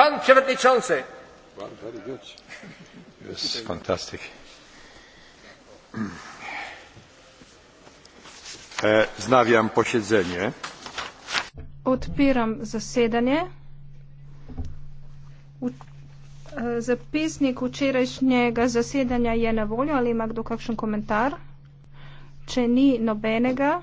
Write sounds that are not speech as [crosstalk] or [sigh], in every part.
Pan przewodniczący. Well, fantastic. E, Znawiam posiedzenie. Otwieram zasiedanie. E, zapisnik wczorajszego zasiedania jest na wolę, ale ma kto jakiś komentarz? Czy nie nobenega?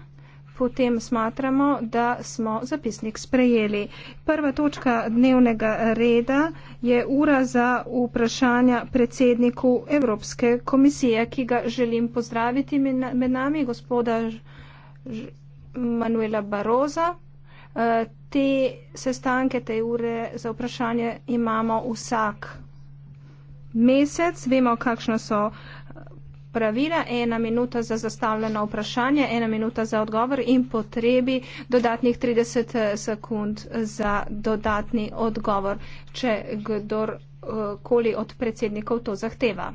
potem smatramo, da smo zapisnik sprejeli. Prva točka dnevnega reda je ura za vprašanja predsedniku Evropske komisije, ki ga želim pozdraviti med nami, gospoda Manuela Baroza. Eh, te sestanke, te ure za vprašanje imamo vsak mesec. Vemo, kakšna so uh, pravila, ena minuta za zastavljeno vprašanje, ena minuta za odgovor in potrebi dodatnih 30 eh, sekund za dodatni odgovor, če kdorkoli eh, od predsednikov to zahteva.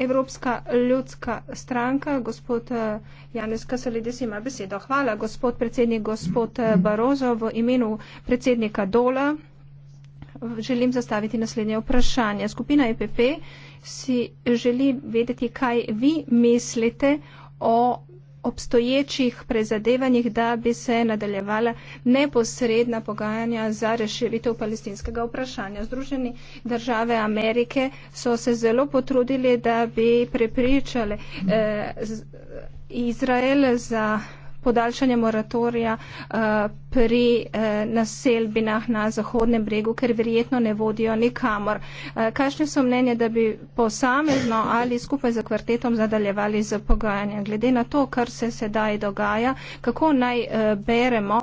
Evropska ljudska stranka, gospod eh, Janez Kasolides ima besedo. Hvala, gospod predsednik, gospod Barozo, v imenu predsednika Dola želim zastaviti naslednje vprašanje. Skupina EPP si želi vedeti, kaj vi mislite o obstoječih prezadevanjih, da bi se nadaljevala neposredna pogajanja za reševitev palestinskega vprašanja. Združeni države Amerike so se zelo potrudili, da bi prepričali eh, Izrael za podaljšanje moratorija eh, pri eh, naselbinah na Zahodnem bregu, ker verjetno ne vodijo nikamor. Eh, kakšne so mnenje, da bi posamezno ali skupaj z kvartetom zadaljevali z pogajanja? Glede na to, kar se sedaj dogaja, kako naj beremo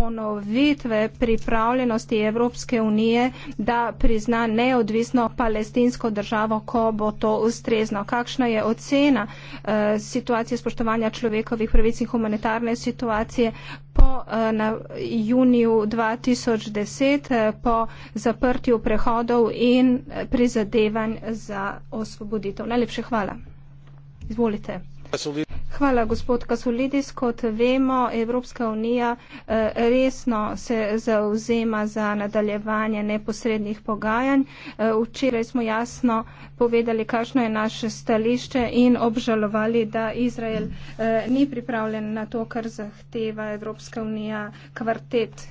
ponovitve pripravljenosti Evropske unije, da prizna neodvisno palestinsko državo, ko bo to ustrezno. Kakšna je ocena uh, situacije spoštovanja človekovih pravic in humanitarne situacije? Po eh, na, juniju 2010, eh, po zaprtju prehodov in prizadevanj za osvoboditev. Najlepše hvala. Izvolite. Hvala, gospod Kasulidis. Kot vemo, Evropska unija eh, resno se zauzema za nadaljevanje neposrednih pogajanj. Eh, včeraj smo jasno povedali, kakšno je naše stališče in obžalovali, da Izrael eh, ni pripravljen na to, kar zahteva Evropska unija kvartet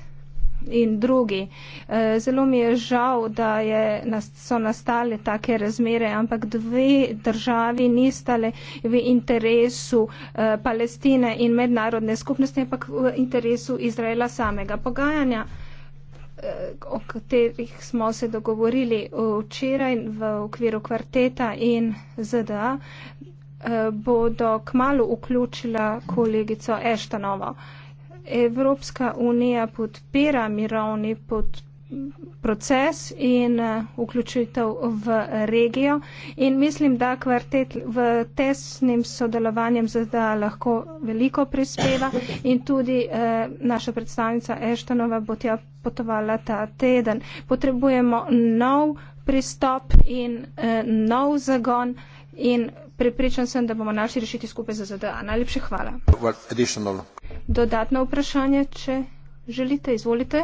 in drugi. Eh, zelo mi je žal, da je, so nastale take razmere, ampak dve državi nistale v interesu eh, Palestine in mednarodne skupnosti, ampak v interesu Izraela samega. Pogajanja, eh, o katerih smo se dogovorili včeraj v okviru kvarteta in ZDA, bodo kmalo vključila kolegico Eštanovo. Evropska unija podpira mirovni pot, proces in uh, vključitev v regijo in mislim, da kvartet v tesnim sodelovanjem zda lahko veliko prispeva in tudi uh, naša predstavnica Eštonova bo tja potovala ta teden. Potrebujemo nov pristop in uh, nov zagon in Prepričan sem, da bomo našli rešiti skupaj za ZDA. Najlepše hvala. Dodatno vprašanje, če želite, izvolite.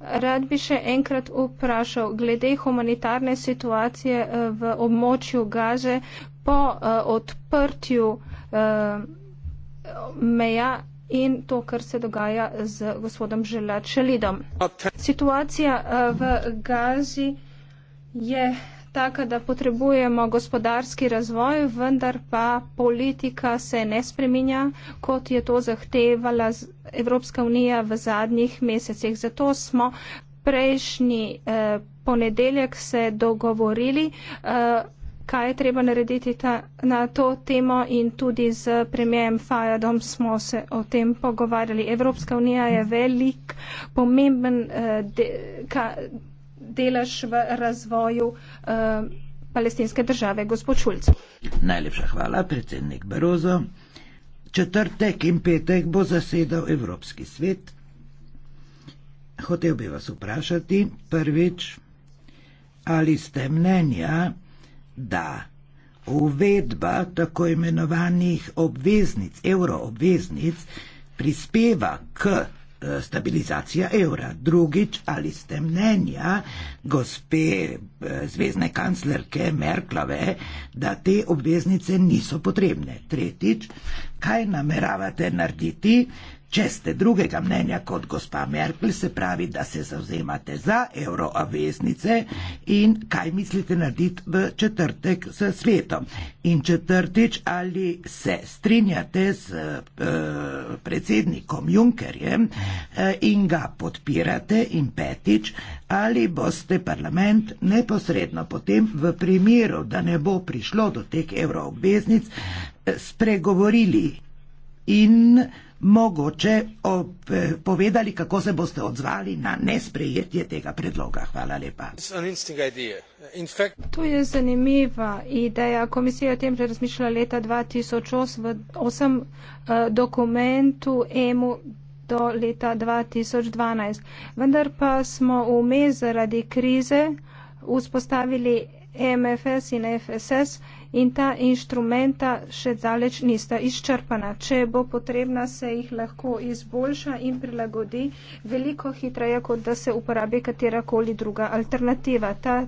Rad bi še enkrat vprašal glede humanitarne situacije eh, v območju Gaze po uh, odprtju uh, meja in to, kar se dogaja z gospodom Želačelidom. Situacija uh, v Gazi je taka, da potrebujemo gospodarski razvoj, vendar pa politika se ne spreminja, kot je to zahtevala Evropska unija v zadnjih mesecih. Zato smo prejšnji eh, ponedeljek se dogovorili. Eh, kaj je treba narediti ta, na to temo in tudi z premijem Fajadom smo se o tem pogovarjali. Evropska unija je velik, pomemben eh, de, ka, delež v razvoju eh, palestinske države. Gospod Šulc. Najlepša hvala, predsednik Barozo. Četrtek in petek bo zasedal Evropski svet. Hotev bi vas vprašati prvič, ali ste mnenja, da uvedba tako imenovanih obveznic, evroobveznic, prispeva k Eh, stabilizacija evra. Drugič, ali ste mnenja gospe eh, zvezdne kanclerke Merklave, da te obveznice niso potrebne. Tretjič, kaj nameravate narediti? Če ste drugega mnenja kot gospa Merkel, se pravi, da se zauzemate za euroaveznice in kaj mislite narediti v četrtek s svetom. In četrtič, ali se strinjate s eh, predsednikom Junkerjem eh, in ga podpirate. In petič, ali boste parlament neposredno potem v primeru, da ne bo prišlo do teh euroaveznic, eh, spregovorili in mogoče ob, eh, povedali, kako se boste odzvali na nesprejetje tega predloga. Hvala lepa. To je zanimiva ideja. Komisija o tem že razmišljala leta 2008 v eh, dokumentu EMU do leta 2012. Vendar pa smo vmes zaradi krize vzpostavili e MFS in e FSS in ta inštrumenta še daleč nista izčrpana. Če bo potrebna, se jih lahko izboljša in prilagodi veliko hitreje, kot da se uporabi katerakoli druga alternativa. Ta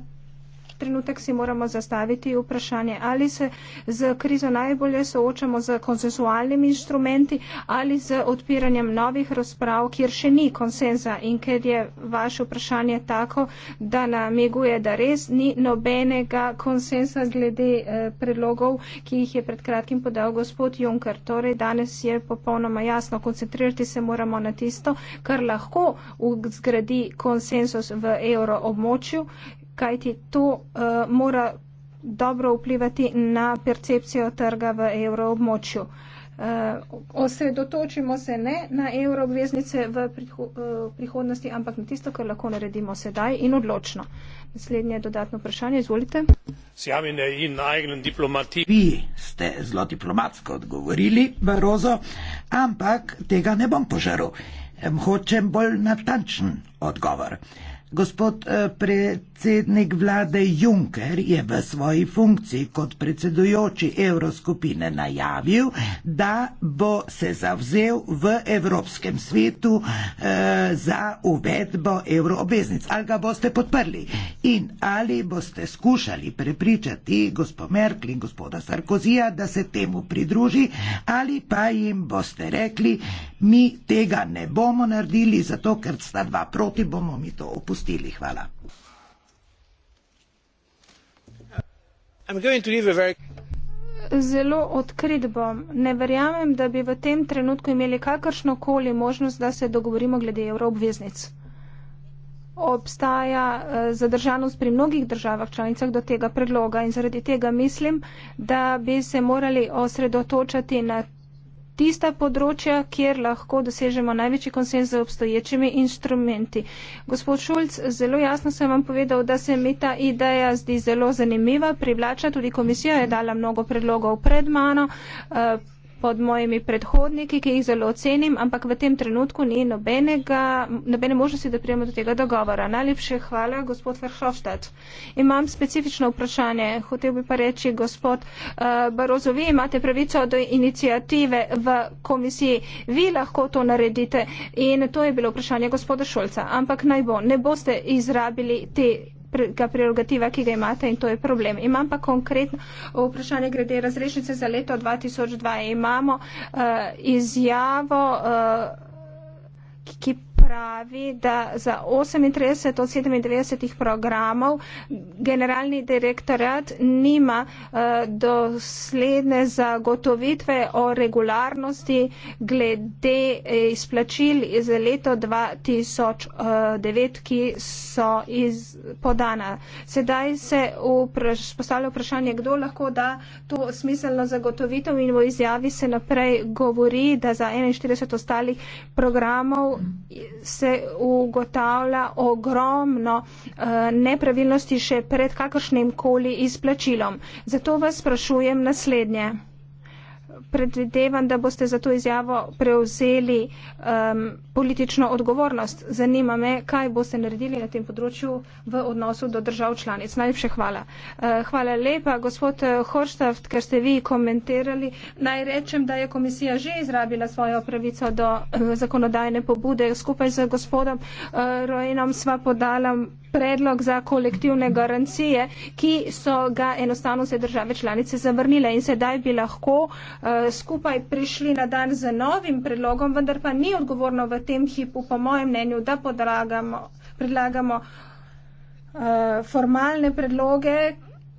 trenutek si moramo zastaviti vprašanje, ali se z krizo najbolje soočamo z konsensualnimi instrumenti ali z odpiranjem novih razprav, kjer še ni konsenza in ker je vaše vprašanje tako, da namiguje, da res ni nobenega konsensa glede eh, predlogov, ki jih je pred kratkim podal gospod Juncker. Torej, danes je popolnoma jasno, koncentrirati se moramo na tisto, kar lahko zgradi konsensus v evroobmočju kajti to uh, mora dobro vplivati na percepcijo trga v evroobmočju. Uh, osredotočimo se ne na evro obveznice v priho uh, prihodnosti, ampak na tisto, kar lahko naredimo sedaj in odločno. Naslednje dodatno vprašanje, izvolite. Vi ste zelo diplomatsko odgovorili, Barozo, ampak tega ne bom požaril. Hočem bolj natančen odgovor. Gospod uh, pred. Predsednik vlade Juncker je v svoji funkciji kot predsedujoči Evroskupine najavil, da bo se zavzel v Evropskem svetu eh, za uvedbo evroobveznic. Ali ga boste podprli in ali boste skušali prepričati gospod Merkel in gospoda Sarkozija, da se temu pridruži, ali pa jim boste rekli, mi tega ne bomo naredili, zato ker sta dva proti, bomo mi to opustili. Hvala. Zelo odkrit bom. Ne verjamem, da bi v tem trenutku imeli kakršno koli možnost, da se dogovorimo glede evroobveznic. Obstaja eh, zadržanost pri mnogih državah članicah do tega predloga in zaradi tega mislim, da bi se morali osredotočati na tista področja, kjer lahko dosežemo največji konsens z obstoječimi inštrumenti. Gospod Šulc, zelo jasno sem vam povedal, da se mi ta ideja zdi zelo zanimiva, privlača, tudi komisija je dala mnogo predlogov pred mano. Uh, pod mojimi predhodniki, ki jih zelo ocenim, ampak v tem trenutku ni nobenega, nobene možnosti, da prijemo do tega dogovora. Najlepše hvala, gospod Verhofstadt. Imam specifično vprašanje. Hotel bi pa reči, gospod uh, Barozo, vi imate pravico do inicijative v komisiji. Vi lahko to naredite in to je bilo vprašanje gospoda Šolca. Ampak naj bo, ne boste izrabili te pre, prerogativa, ki ga imate in to je problem. Imam pa konkretno vprašanje glede razrešnice za leto 2002. Imamo uh, izjavo, uh, ki. ki pravi, da za 38 od 97 programov generalni direktorat nima uh, dosledne zagotovitve o regularnosti glede eh, izplačil iz leto 2009, eh, ki so iz, podana. Sedaj se vpraš, postavlja vprašanje, kdo lahko da to smiselno zagotovitev in v izjavi se naprej govori, da za 41 ostalih programov se ugotavlja ogromno eh, nepravilnosti še pred kakršnim koli izplačilom. Zato vas sprašujem naslednje predvidevam, da boste za to izjavo prevzeli um, politično odgovornost. Zanima me, kaj boste naredili na tem področju v odnosu do držav članic. Najlepše hvala. Uh, hvala lepa, gospod eh, Horštaft, ker ste vi komentirali. Naj rečem, da je komisija že izrabila svojo pravico do uh, zakonodajne pobude. Skupaj z gospodom uh, eh, Rojenom sva podala predlog za kolektivne garancije, ki so ga enostavno vse države članice zavrnile in sedaj bi lahko eh, skupaj prišli na dan z novim predlogom, vendar pa ni odgovorno v tem hipu, po mojem mnenju, da podragamo, predlagamo eh, formalne predloge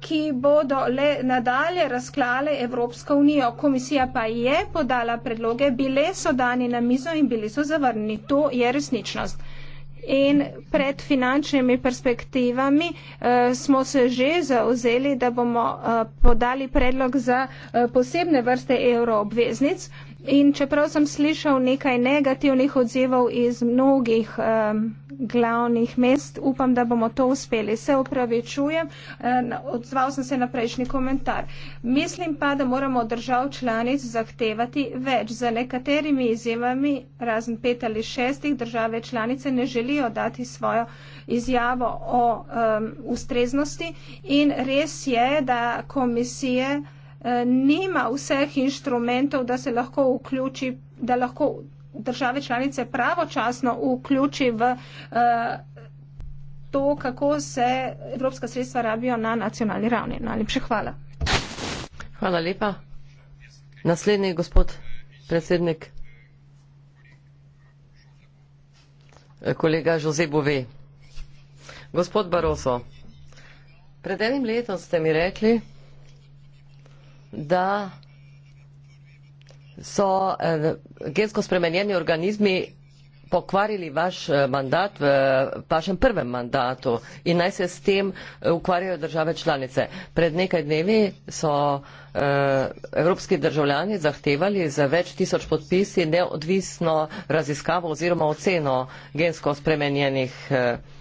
ki bodo le nadalje razklale Evropsko unijo. Komisija pa je podala predloge, bile so dani na mizo in bili so zavrnjeni. To je resničnost. In pred finančnimi perspektivami uh, smo se že zauzeli, da bomo uh, podali predlog za uh, posebne vrste evroobveznic. Uh, In čeprav sem slišal nekaj negativnih odzivov iz mnogih um, glavnih mest, upam, da bomo to uspeli. Se upravičujem, um, odzval sem se na prejšnji komentar. Mislim pa, da moramo od držav članic zahtevati več. Za nekaterimi izjemami, razen pet ali šestih, države članice ne želijo dati svojo izjavo o um, ustreznosti. In res je, da komisije. Eh, nima vseh inštrumentov, da se lahko vključi, da lahko države članice pravočasno vključi v eh, to, kako se evropska sredstva rabijo na nacionalni ravni. Najlepše hvala. Hvala lepa. Naslednji gospod predsednik. Eh, kolega Jose Bove. Gospod Baroso, pred enim letom ste mi rekli, da so eh, gensko spremenjeni organizmi pokvarili vaš eh, mandat v vašem prvem mandatu in naj se s tem eh, ukvarjajo države članice. Pred nekaj dnevi so evropski državljani zahtevali za več tisoč podpisi neodvisno raziskavo oziroma oceno gensko spremenjenih organizmov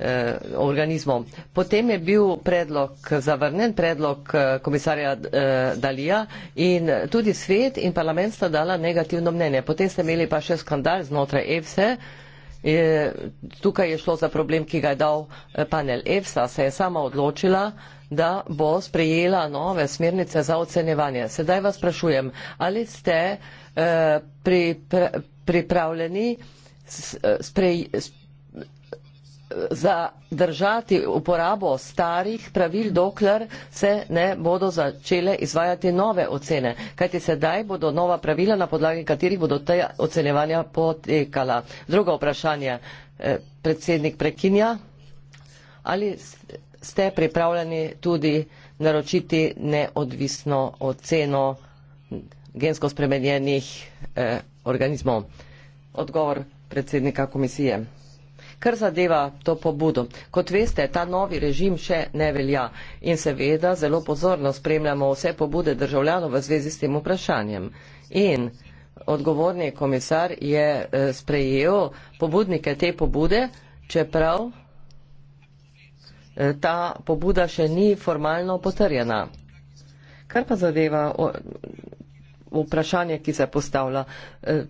eh, organizmom. Potem je bil predlog zavrnen, predlog eh, komisarja eh, Dalija in tudi svet in parlament sta dala negativno mnenje. Potem ste imeli pa še skandal znotraj EFSE. Je, eh, tukaj je šlo za problem, ki ga je dal eh, panel EFSA, se je sama odločila, da bo sprejela nove smernice za ocenjevanje. Sedaj vas sprašujem, ali ste eh, pri, pri, pripravljeni s, sprej, sprej, zadržati uporabo starih pravil, dokler se ne bodo začele izvajati nove ocene. Kajti sedaj bodo nova pravila, na podlagi katerih bodo te ocenevanja potekala. Drugo vprašanje, eh, predsednik prekinja. Ali ste pripravljeni tudi naročiti neodvisno oceno gensko spremenjenih eh, organizmov? Odgovor predsednika komisije kar zadeva to pobudo. Kot veste, ta novi režim še ne velja in seveda zelo pozorno spremljamo vse pobude državljanov v zvezi s tem vprašanjem. In odgovorni komisar je eh, sprejel pobudnike te pobude, čeprav eh, ta pobuda še ni formalno potrjena. Kar pa zadeva vprašanje, ki se postavlja. E,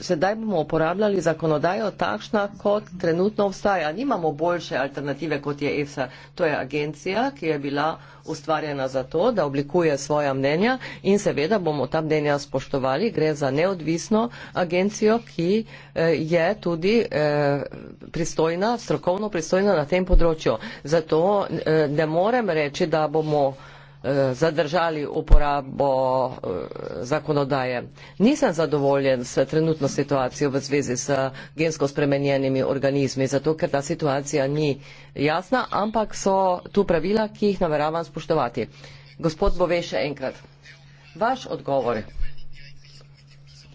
sedaj bomo uporabljali zakonodajo takšna, kot trenutno obstaja. Nimamo boljše alternative, kot je EFSA. To je agencija, ki je bila ustvarjena za to, da oblikuje svoja mnenja in seveda bomo ta mnenja spoštovali. Gre za neodvisno agencijo, ki e, je tudi e, pristojna, strokovno pristojna na tem področju. Zato ne morem reči, da bomo Eh, zadržali uporabo eh, zakonodaje. Nisem zadovoljen s trenutno situacijo v zvezi s gensko spremenjenimi organizmi, zato ker ta situacija ni jasna, ampak so tu pravila, ki jih nameravam spoštovati. Gospod Bove še enkrat. Vaš odgovor.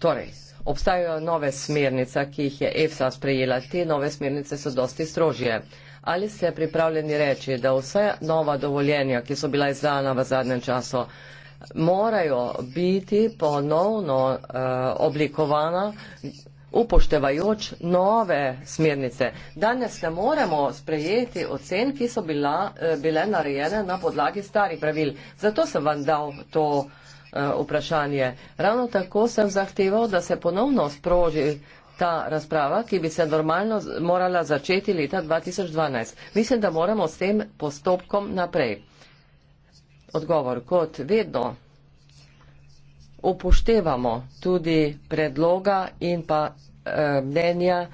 Torej, obstajajo nove smernice, ki jih je EFSA sprejela. Te nove smernice so dosti strožje ali ste pripravljeni reči, da vse nova dovoljenja, ki so bila izdana v zadnjem času, morajo biti ponovno uh, oblikovana upoštevajoč nove smernice. Danes ne moremo sprejeti ocen, ki so bila, uh, bile narejene na podlagi starih pravil. Zato sem vam dal to uh, vprašanje. Ravno tako sem zahteval, da se ponovno sproži uh, ta razprava, ki bi se normalno morala začeti leta 2012. Mislim, da moramo s tem postopkom naprej. Odgovor, kot vedno upoštevamo tudi predloga in pa eh, mnenja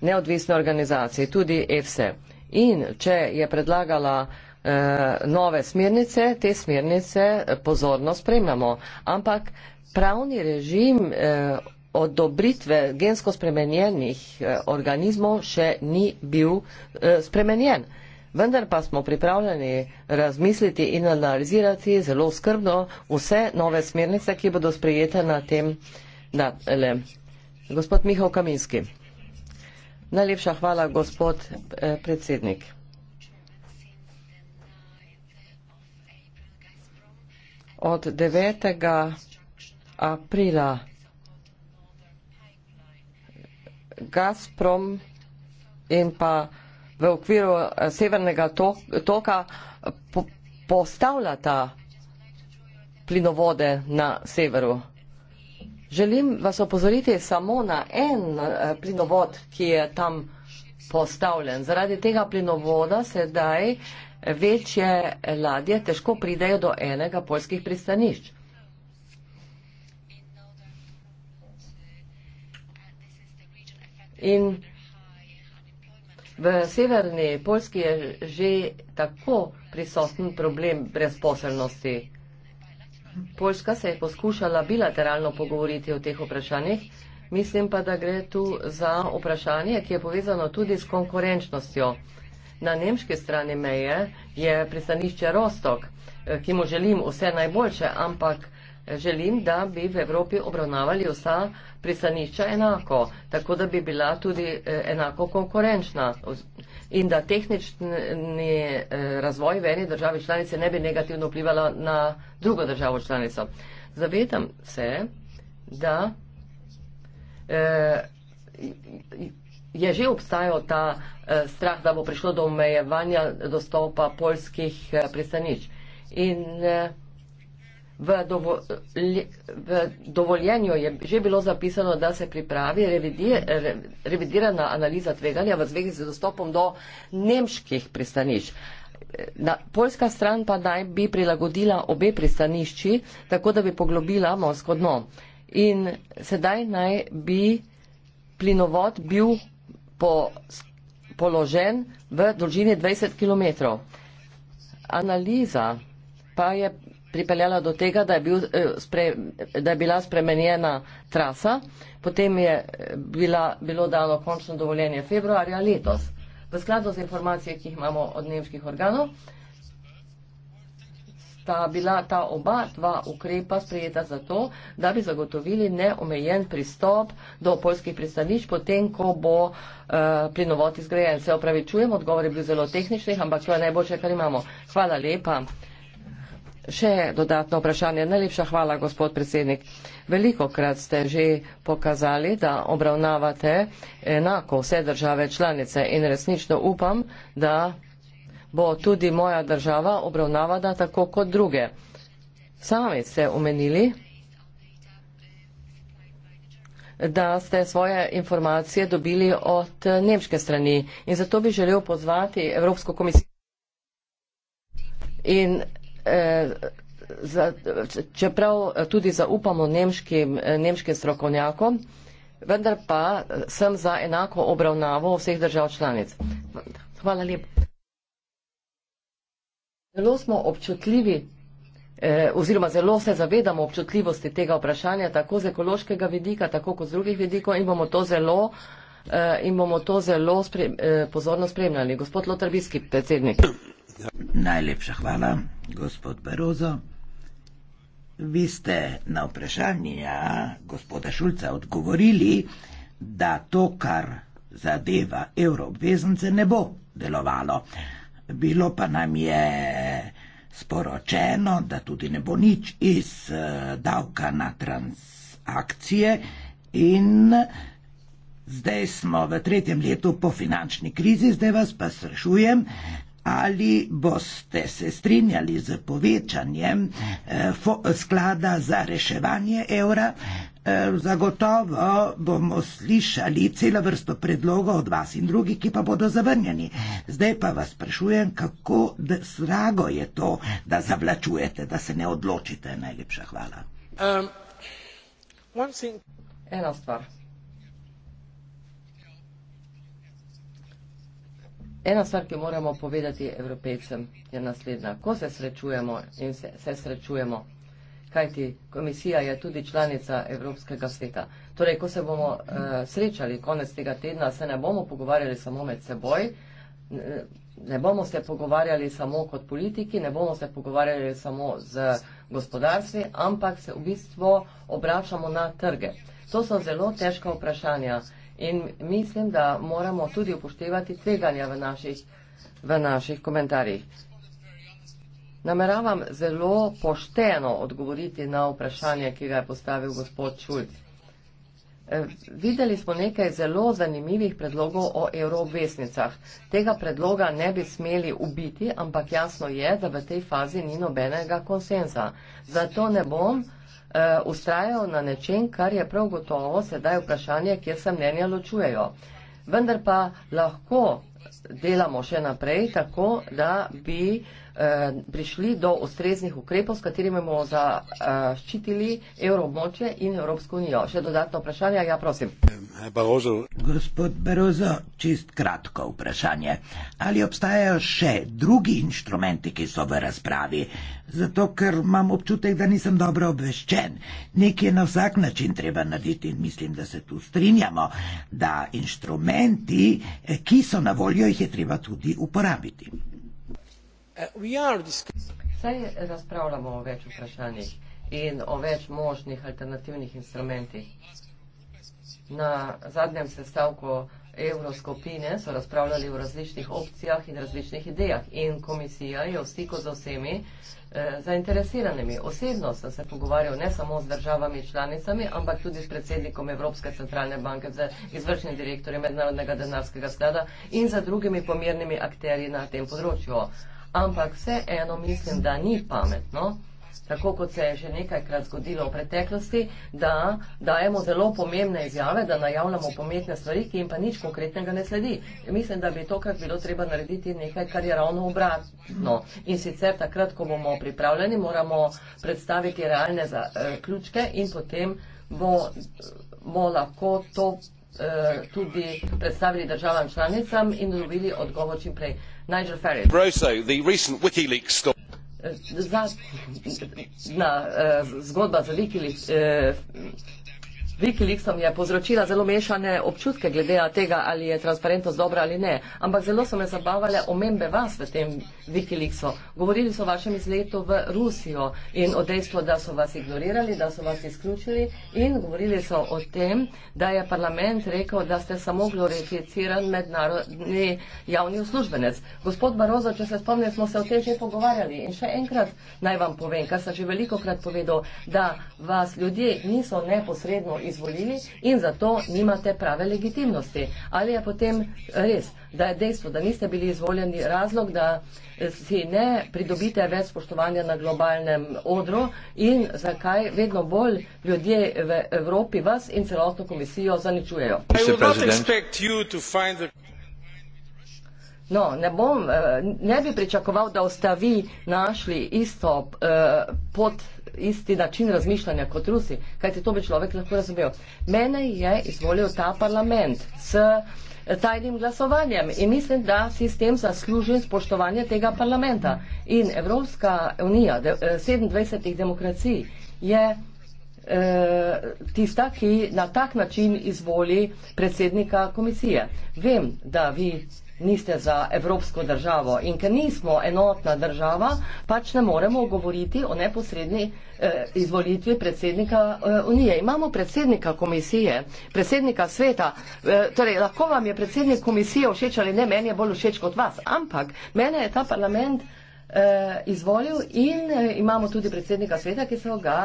neodvisne organizacije, tudi EFSE. In če je predlagala eh, nove smernice, te smernice eh, pozorno spremljamo. Ampak pravni režim odobritve gensko spremenjenih eh, organizmov še ni bil eh, spremenjen. Vendar pa smo pripravljeni razmisliti in analizirati zelo skrbno vse nove smernice, ki bodo sprejete na tem. Da, le. Gospod Mihov Kaminski. Najlepša hvala, gospod eh, predsednik. Od 9. aprila Gazprom in pa v okviru eh, Severnega toka postavljata plinovode na severu. Želim vas opozoriti samo na en eh, plinovod, ki je tam postavljen. Zaradi tega plinovoda sedaj večje ladje težko pridejo do enega poljskih pristanišč. In v severni Polski je že tako prisoten problem brezposelnosti. Poljska se je poskušala bilateralno pogovoriti o teh vprašanjih, mislim pa, da gre tu za vprašanje, ki je povezano tudi s konkurenčnostjo. Na nemški strani meje je pristanišče Rostok, eh, ki mu želim vse najboljše, ampak eh, želim, da bi v Evropi obravnavali vsa pristanišča enako, tako da bi bila tudi eh, enako konkurenčna in da tehnični eh, razvoj v eni državi članice ne bi negativno vplivala na drugo državo članico. Zavedam se, da eh, je že obstajal ta strah, da bo prišlo do omejevanja dostopa polskih pristanišč. In eh, V, dovo, v dovoljenju je že bilo zapisano, da se pripravi revidir, revidirana analiza tveganja v zvezi z dostopom do nemških pristanišč. Na, Poljska stran pa naj bi prilagodila obe pristanišči, tako da bi poglobila morsko dno. In sedaj naj bi plinovod bil po, položen v dolžini 20 km. Analiza pa je pripeljala do tega, da je, bil, eh, spre, da je bila spremenjena trasa. Potem je eh, bila, bilo dano končno dovoljenje februarja letos. V skladu z informacijami, ki jih imamo od nemških organov, sta bila ta oba dva ukrepa sprejeta zato, da bi zagotovili neomejen pristop do polskih pristanišč, potem, ko bo uh, plinovod izgrajen. Se opravičujem, odgovor je bil zelo tehničen, ampak to je najboljše, kar imamo. Hvala lepa. Še dodatno vprašanje. Najlepša hvala, gospod predsednik. Veliko krat ste že pokazali, da obravnavate enako vse države članice in resnično upam, da bo tudi moja država obravnavana tako kot druge. Sami ste omenili, da ste svoje informacije dobili od nemške strani in zato bi želel pozvati Evropsko komisijo in Eh, za, čeprav tudi zaupamo nemškim, eh, nemškim strokovnjakom, vendar pa sem za enako obravnavo vseh držav članic. Hvala lepa. Zelo smo občutljivi eh, oziroma zelo se zavedamo občutljivosti tega vprašanja, tako z ekološkega vidika, tako kot z drugih vidikov in bomo to zelo, in bomo to zelo spre, pozorno spremljali. Gospod Lotrbiski, predsednik. Najlepša hvala, gospod Barozo. Vi ste na vprašanje ja, gospoda Šulca odgovorili, da to, kar zadeva evroobveznice, ne bo delovalo. Bilo pa nam je sporočeno, da tudi ne bo nič iz eh, davka na transakcije in zdaj smo v tretjem letu po finančni krizi, zdaj vas pa srešujem. Ali boste se strinjali z povečanjem eh, fo, sklada za reševanje evra? Eh, zagotovo bomo slišali celo vrsto predlogov od vas in drugih, ki pa bodo zavrnjeni. Zdaj pa vas sprašujem, kako drago je to, da zavlačujete, da se ne odločite. Najlepša hvala. Um, Ena stvar. Ena stvar, ki jo moramo povedati evropejcem, je naslednja. Ko se srečujemo in se, se srečujemo, kajti komisija je tudi članica Evropskega sveta. Torej, ko se bomo uh, srečali konec tega tedna, se ne bomo pogovarjali samo med seboj, ne bomo se pogovarjali samo kot politiki, ne bomo se pogovarjali samo z gospodarstvi, ampak se v bistvu obračamo na trge. To so zelo težka vprašanja. Uh, In mislim, da moramo tudi upoštevati tveganja v naših, v naših komentarjih. Nameravam zelo pošteno odgovoriti na vprašanje, ki ga je postavil gospod Čulj. E, videli smo nekaj zelo zanimivih predlogov o evroobvesnicah. Tega predloga ne bi smeli ubiti, ampak jasno je, da v tej fazi ni nobenega konsenza. Zato ne bom. Eh, ustrajajo na nečem, kar je prav gotovo sedaj vprašanje, kjer se mnenja ločujejo. Vendar pa lahko delamo še naprej tako, da bi uh, Eh, prišli do ustreznih ukrepov, s katerimi bomo zaščitili evroobmočje in Evropsko unijo. Še dodatno vprašanje, ja prosim. Barozo. Gospod Barozo, čist kratko vprašanje. Ali obstajajo še drugi inštrumenti, ki so v razpravi? Zato, ker imam občutek, da nisem dobro obveščen. Nekje na vsak način treba narediti in mislim, da se tu strinjamo, da inštrumenti, eh, ki so na voljo, jih je treba tudi uporabiti. Eh, Saj razpravljamo o več vprašanjih in o več možnih alternativnih instrumentih. Na zadnjem sestavku Evroskopine so razpravljali o različnih opcijah in različnih idejah in komisija je v stiku z vsemi eh, zainteresiranimi. Osebno sem se pogovarjal ne samo z državami članicami, ampak tudi s predsednikom Evropske centralne banke, z izvršnim direktorjem Mednarodnega denarskega sklada in z drugimi pomirnimi akterji na tem področju. Eh, ampak vseeno mislim, da ni pametno, tako kot se je že nekajkrat zgodilo v preteklosti, da dajemo zelo pomembne izjave, da najavljamo pometne stvari, ki jim pa nič konkretnega ne sledi. Mislim, da bi tokrat bilo treba narediti nekaj, kar je ravno obratno. In sicer takrat, ko bomo pripravljeni, moramo predstaviti realne za, eh, ključke in potem bo, bo lahko to Eh, tudi predstavili državam članicam in dobili odgovor čim prej. Nigel Farage. Barroso, the recent WikiLeaks story. Eh, Zadnja eh, zgodba za WikiLeaks. Wikileaksom je povzročila zelo mešane občutke glede tega, ali je transparentnost dobra ali ne. Ampak zelo so me zabavale omembe vas v tem Wikileaksu. Govorili so o vašem izletu v Rusijo in o dejstvu, da so vas ignorirali, da so vas izključili in govorili so o tem, da je parlament rekel, da ste samo glorificiran mednarodni javni uslužbenec. Gospod Barozo, če se spomnite, smo se o tem že pogovarjali in še enkrat naj vam povem, kar sem že veliko krat povedal, da vas ljudje niso neposredno izključili izvolili in zato nimate prave legitimnosti. Ali je potem res, da je dejstvo, da niste bili izvoljeni razlog, da si ne pridobite več spoštovanja na globalnem odru in zakaj vedno bolj ljudje v Evropi vas in celotno komisijo zaničujejo. No, ne, bom, eh, ne bi pričakoval, da ste vi našli isto uh, pot isti način razmišljanja kot Rusi, kajti to bi človek lahko razumel. Mene je izvolil ta parlament s eh, tajnim glasovanjem in mislim, da sistem zasluži spoštovanje tega parlamenta. In Evropska unija, 27. Eh, demokraciji, je eh, tista, ki na tak način izvoli predsednika komisije. Vem, da vi niste za evropsko državo. In ker nismo enotna država, pač ne moremo govoriti o neposredni eh, izvolitvi predsednika eh, Unije. Imamo predsednika komisije, predsednika sveta, eh, torej lahko vam je predsednik komisije všeč ali ne, meni je bolj všeč kot vas, ampak mene je ta parlament Eh, izvolil in eh, imamo tudi predsednika sveta, ki so ga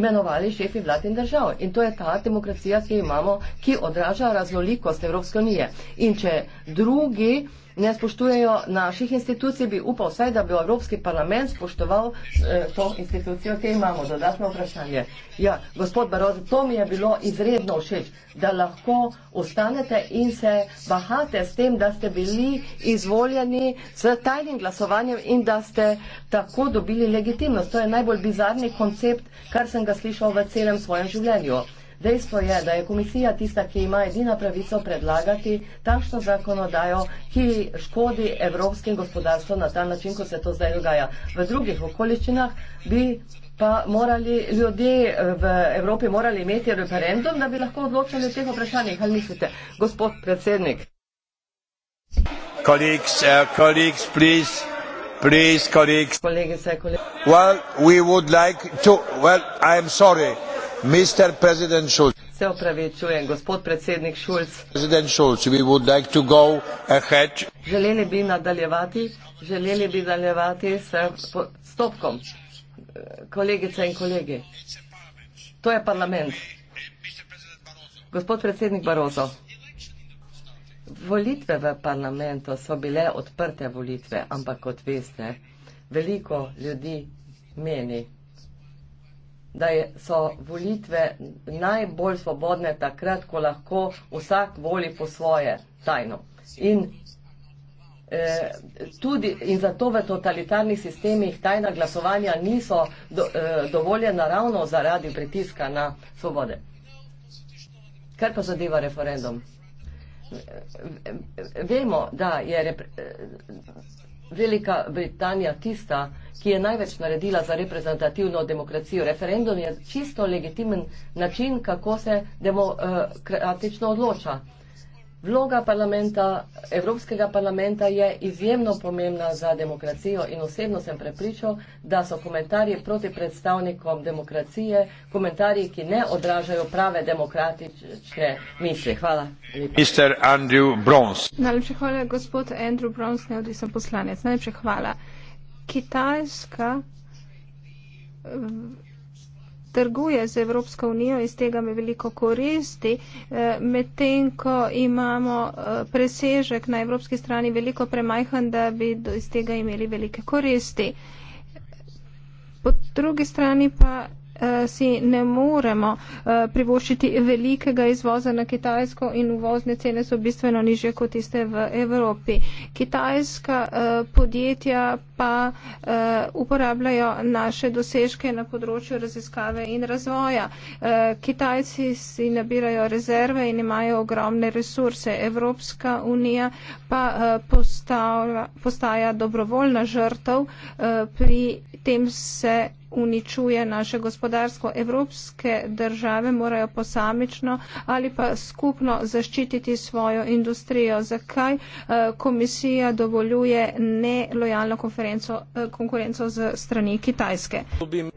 imenovali šefi vlad in držav. In to je ta demokracija, ki jo imamo, ki odraža raznolikost Evropske unije. In če drugi ne spoštujejo naših institucij, bi upal vsaj, da bi Evropski parlament spoštoval eh, to institucijo, ki imamo. Dodatno vprašanje. Ja, gospod Baroz, to mi je bilo izredno všeč, da lahko ostanete in se bahate s tem, da ste bili izvoljeni s tajnim glasovanjem in da ste tako dobili legitimnost. To je najbolj bizarni koncept, kar sem ga slišal v celem svojem življenju. Dejstvo je, da je komisija tista, ki ima edina pravico predlagati takšno zakonodajo, ki škodi evropskim gospodarstvom na ta način, kot se to zdaj dogaja. V drugih okoliščinah bi pa morali ljudje eh, v Evropi morali imeti referendum, da bi lahko odločili o teh vprašanjih. Ali mislite, gospod predsednik? Colleagues, uh, colleagues, please, please, colleagues. Well, we would like to, well, I am sorry. Se opravičujem, gospod predsednik Šulc. Like želeli bi nadaljevati, želeli bi nadaljevati s postopkom. Kolegice in kolegi, to je parlament. Gospod predsednik Barozo, volitve v parlamentu so bile odprte volitve, ampak kot veste, veliko ljudi meni, da je, so volitve najbolj svobodne takrat, ko lahko vsak voli po svoje tajno. In, eh, tudi, in zato v totalitarnih sistemih tajna glasovanja niso do, eh, dovoljena ravno zaradi pritiska na svobode. Kar pa zadeva referendum? Vemo, da je. Repre, eh, Velika Britanija tista, ki je največ naredila za reprezentativno demokracijo. Referendum je čisto legitimen način, kako se demokratično odloča. Vloga parlamenta, Evropskega parlamenta je izjemno pomembna za demokracijo in osebno sem prepričal, da so komentarji proti predstavnikom demokracije komentarji, ki ne odražajo prave demokratične misli. Hvala. Najlepše hvala, gospod Andrew Brons, neodvisen poslanec. Najlepše hvala. Kitajska trguje z Evropsko unijo in z tega mi veliko koristi, eh, medtem ko imamo eh, presežek na evropski strani veliko premajhan, da bi iz tega imeli velike koristi. Po drugi strani pa Eh, si ne moremo eh, privoščiti velikega izvoza na Kitajsko in uvozne cene so bistveno nižje kot tiste v Evropi. Kitajska eh, podjetja pa uporabljajo naše dosežke na področju raziskave in razvoja. Kitajci si nabirajo rezerve in imajo ogromne resurse. Evropska unija pa postala, postaja dobrovoljna žrtev, pri tem se uničuje naše gospodarstvo. Evropske države morajo posamično ali pa skupno zaščititi svojo industrijo. Zakaj eh, komisija dovoljuje nelojalno eh, konkurenco z strani Kitajske?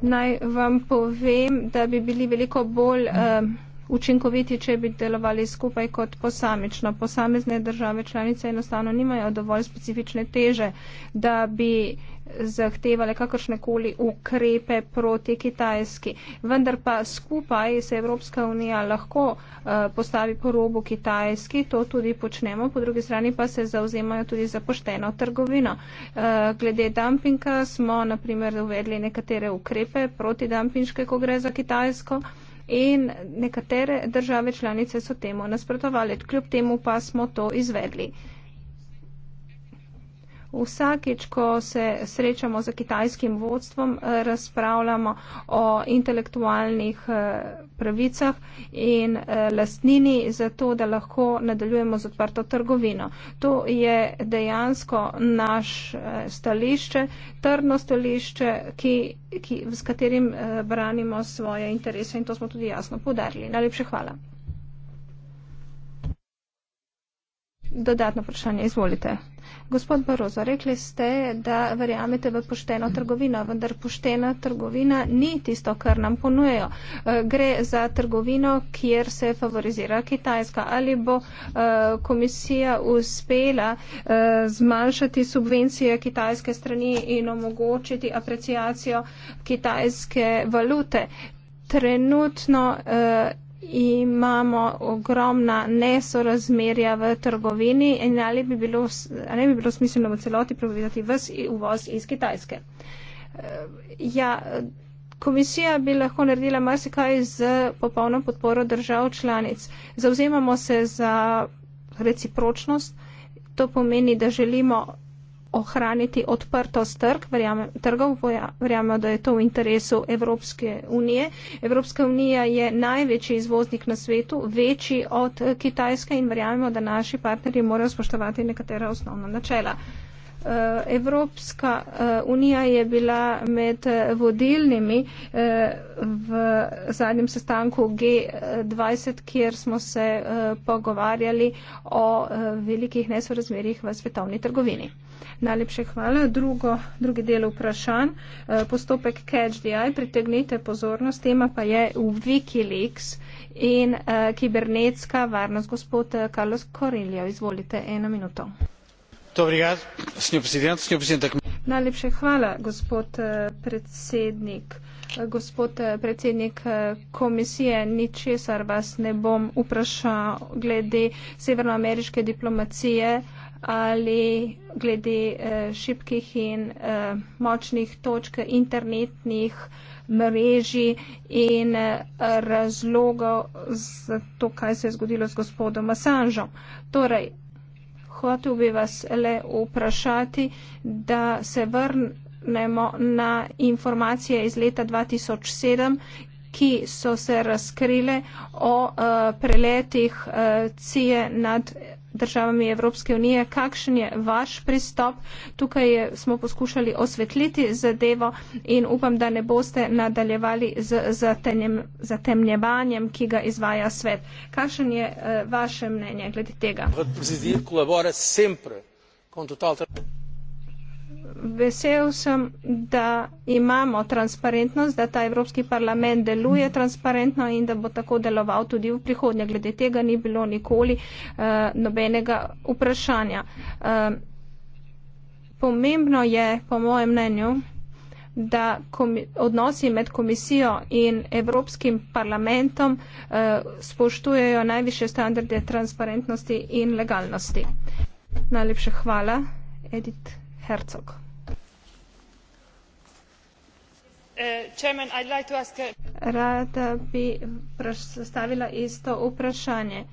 Naj vam povem, da bi bili veliko bolj eh, učinkoviti, če bi delovali skupaj kot posamično. Posamezne države članice enostavno nimajo dovolj specifične teže, da bi zahtevale kakršnekoli ukrepe proti Kitajski. Vendar pa skupaj se Evropska unija lahko eh, postavi po robu Kitajski, to tudi počnemo, po drugi strani pa se zauzemajo tudi za pošteno trgovino. Eh, glede dumpinga smo naprimer uvedli nekatere ukrepe proti dumpinške, ko gre za Kitajsko. In nekatere države članice so temu nasprotovali, kljub temu pa smo to izvedli. Vsakič, ko se srečamo z kitajskim vodstvom, razpravljamo o intelektualnih eh, pravicah in eh, lastnini za to, da lahko nadaljujemo z odprto trgovino. To je dejansko naš eh, stališče, trdno stališče, ki, ki, s katerim branimo svoje interese in to smo tudi jasno podarili. Najlepše hvala. Dodatno vprašanje, izvolite. Gospod Barozo, rekli ste, da verjamete v pošteno trgovino, vendar poštena trgovina ni tisto, kar nam ponujejo. Eh, gre za trgovino, kjer se favorizira Kitajska. Ali bo eh, komisija uspela eh, zmanjšati subvencije kitajske strani in omogočiti apreciacijo kitajske valute? Trenutno imamo ogromna nesorazmerja v trgovini in ali bi bilo, ali bi bilo smiselno v celoti prepovedati vs uvoz iz Kitajske. Eh, ja, komisija bi lahko naredila marsikaj z popolno podporo držav članic. Zauzemamo se za recipročnost, to pomeni, da želimo ohraniti odprtost trg, verjamem, trgov, verjamemo, da je to v interesu Evropske unije. Evropska unija je največji izvoznik na svetu, večji od Kitajske in verjamemo, da naši partnerji morajo spoštovati nekatera osnovna načela. Eh, Evropska eh, unija je bila med eh, vodilnimi v zadnjem sestanku G20, kjer smo se pogovarjali o velikih nesorazmerjih v svetovni trgovini. Najlepše hvala. Drugo, drugi del vprašanj. Postopek Catch the Eye, pritegnite pozornost, tema pa je Wikileaks in uh, kibernetska varnost. Gospod Carlos Corillo, izvolite eno minuto. Najlepša hvala, gospod eh, predsednik. Gospod eh, predsednik eh, komisije, ničesar vas ne bom vprašal glede severnoameriške diplomacije ali glede šibkih in močnih točk internetnih mreži in razlogov za to, kaj se je zgodilo z gospodom Assangeom. Torej, hotel bi vas le vprašati, da se vrnemo na informacije iz leta 2007 ki so se razkrile o uh, preletih uh, cije nad državami Evropske unije. Kakšen je vaš pristop? Tukaj smo poskušali osvetliti zadevo in upam, da ne boste nadaljevali z zatemnjevanjem, ki ga izvaja svet. Kakšen je eh, vaše mnenje glede tega? vesel sem, da imamo transparentnost, da ta Evropski parlament deluje transparentno in da bo tako deloval tudi v prihodnje. Glede tega ni bilo nikoli uh, nobenega vprašanja. Uh, pomembno je, po mojem mnenju, da odnosi med komisijo in Evropskim parlamentom uh, spoštujejo najviše standarde transparentnosti in legalnosti. Najlepše hvala, Edith Herzog. Uh, Rada bi zastavila isto vprašanje.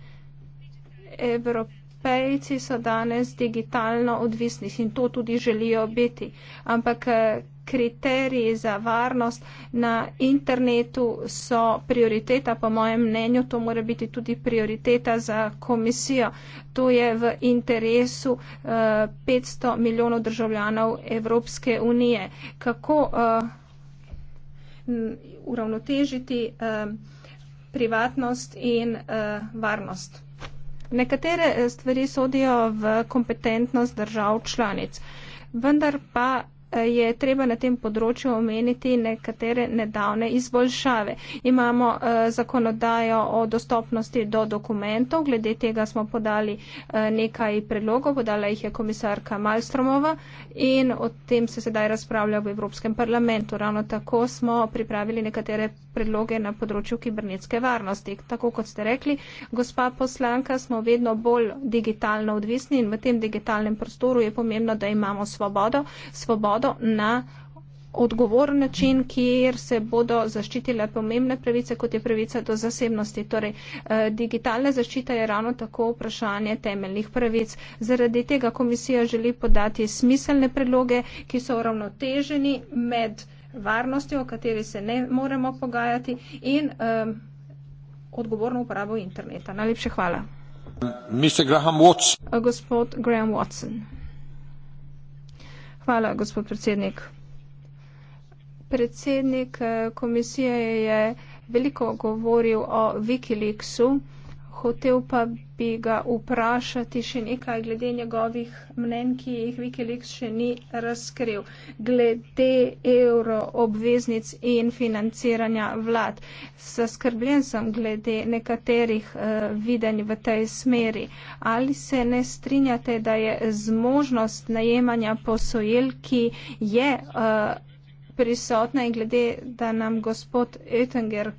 Evropejci so danes digitalno odvisni in to tudi želijo biti, ampak eh, kriteriji za varnost na internetu so prioriteta, po mojem mnenju, to mora biti tudi prioriteta za komisijo. To je v interesu uh, eh, 500 milijonov državljanov Evropske unije. Kako uh, uravnotežiti eh, privatnost in eh, varnost. Nekatere eh, stvari sodijo v kompetentnost držav članic, vendar pa je treba na tem področju omeniti nekatere nedavne izboljšave. Imamo eh, zakonodajo o dostopnosti do dokumentov, glede tega smo podali eh, nekaj predlogov, podala jih je komisarka Malstromova in o tem se sedaj razpravlja v Evropskem parlamentu. Ravno tako smo pripravili nekatere predloge na področju kibernetske varnosti. Tako kot ste rekli, gospa poslanka, smo vedno bolj digitalno odvisni in v tem digitalnem prostoru je pomembno, da imamo svobodo. svobodo vlado na odgovoren način, kjer se bodo zaščitile pomembne pravice, kot je pravica do zasebnosti. Torej, eh, digitalna zaščita je ravno tako vprašanje temeljnih pravic. Zaradi tega komisija želi podati smiselne predloge, ki so uravnoteženi med varnostjo, o kateri se ne moremo pogajati, in um, odgovorno uporabo interneta. Najlepše hvala. Mr. Graham Watson. Eh, gospod Graham Watson. Hvala, gospod predsednik. Predsednik eh, komisije je veliko govoril o Wikileaksu hotel pa bi ga vprašati še nekaj glede njegovih mnen, ki jih Wikileaks še ni razkril, glede evro obveznic in financiranja vlad. Zaskrbljen sem glede nekaterih uh, videnj v tej smeri. Ali se ne strinjate, da je zmožnost najemanja posojil, ki je. Uh, prisotna in glede, da nam gospod Oettinger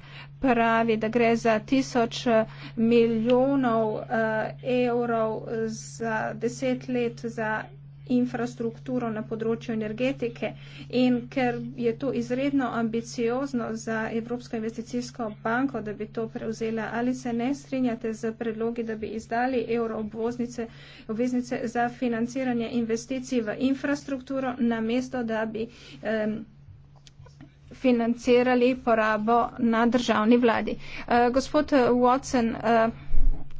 pravi, da gre za tisoč eh, milijonov eh, evrov za deset let za infrastrukturo na področju energetike in ker je to izredno ambiciozno za Evropsko investicijsko banko, da bi to prevzela, ali se ne strinjate z predlogi, da bi izdali evro obvoznice, obveznice za financiranje investicij v infrastrukturo, namesto da bi um, financirali porabo na državni vladi. Eh, gospod Watson, eh,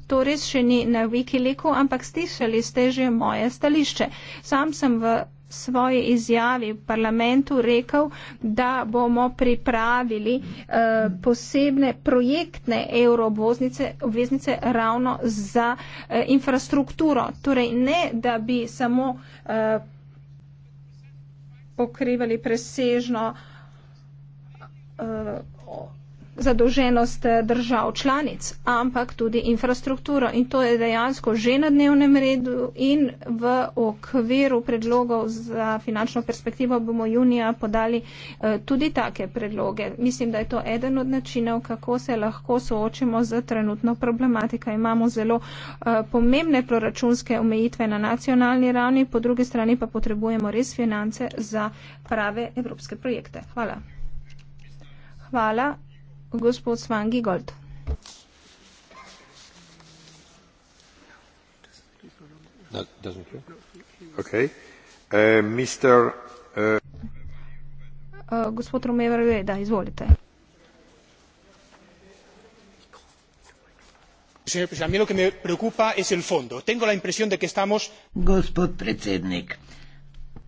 to res še ni na Wikileaku, ampak stišali ste že moje stališče. Sam sem v svoji izjavi v parlamentu rekel, da bomo pripravili eh, posebne projektne euroobveznice obveznice ravno za eh, infrastrukturo. Torej ne, da bi samo eh, pokrivali presežno eh, Eh, zadolženost držav članic, ampak tudi infrastrukturo. In to je dejansko že na dnevnem redu in v okviru predlogov za finančno perspektivo bomo junija podali eh, tudi take predloge. Mislim, da je to eden od načinov, kako se lahko soočimo z trenutno problematiko. Imamo zelo eh, pomembne proračunske omejitve na nacionalni ravni, po drugi strani pa potrebujemo res finance za prave evropske projekte. Hvala hvala, gospod Svangi Gold. Okay. Uh, Mr. Uh, uh, gospod Romever, da, izvolite. A mí lo que me preocupa es el fondo. Tengo la impresión de que estamos. Gospod predsednik,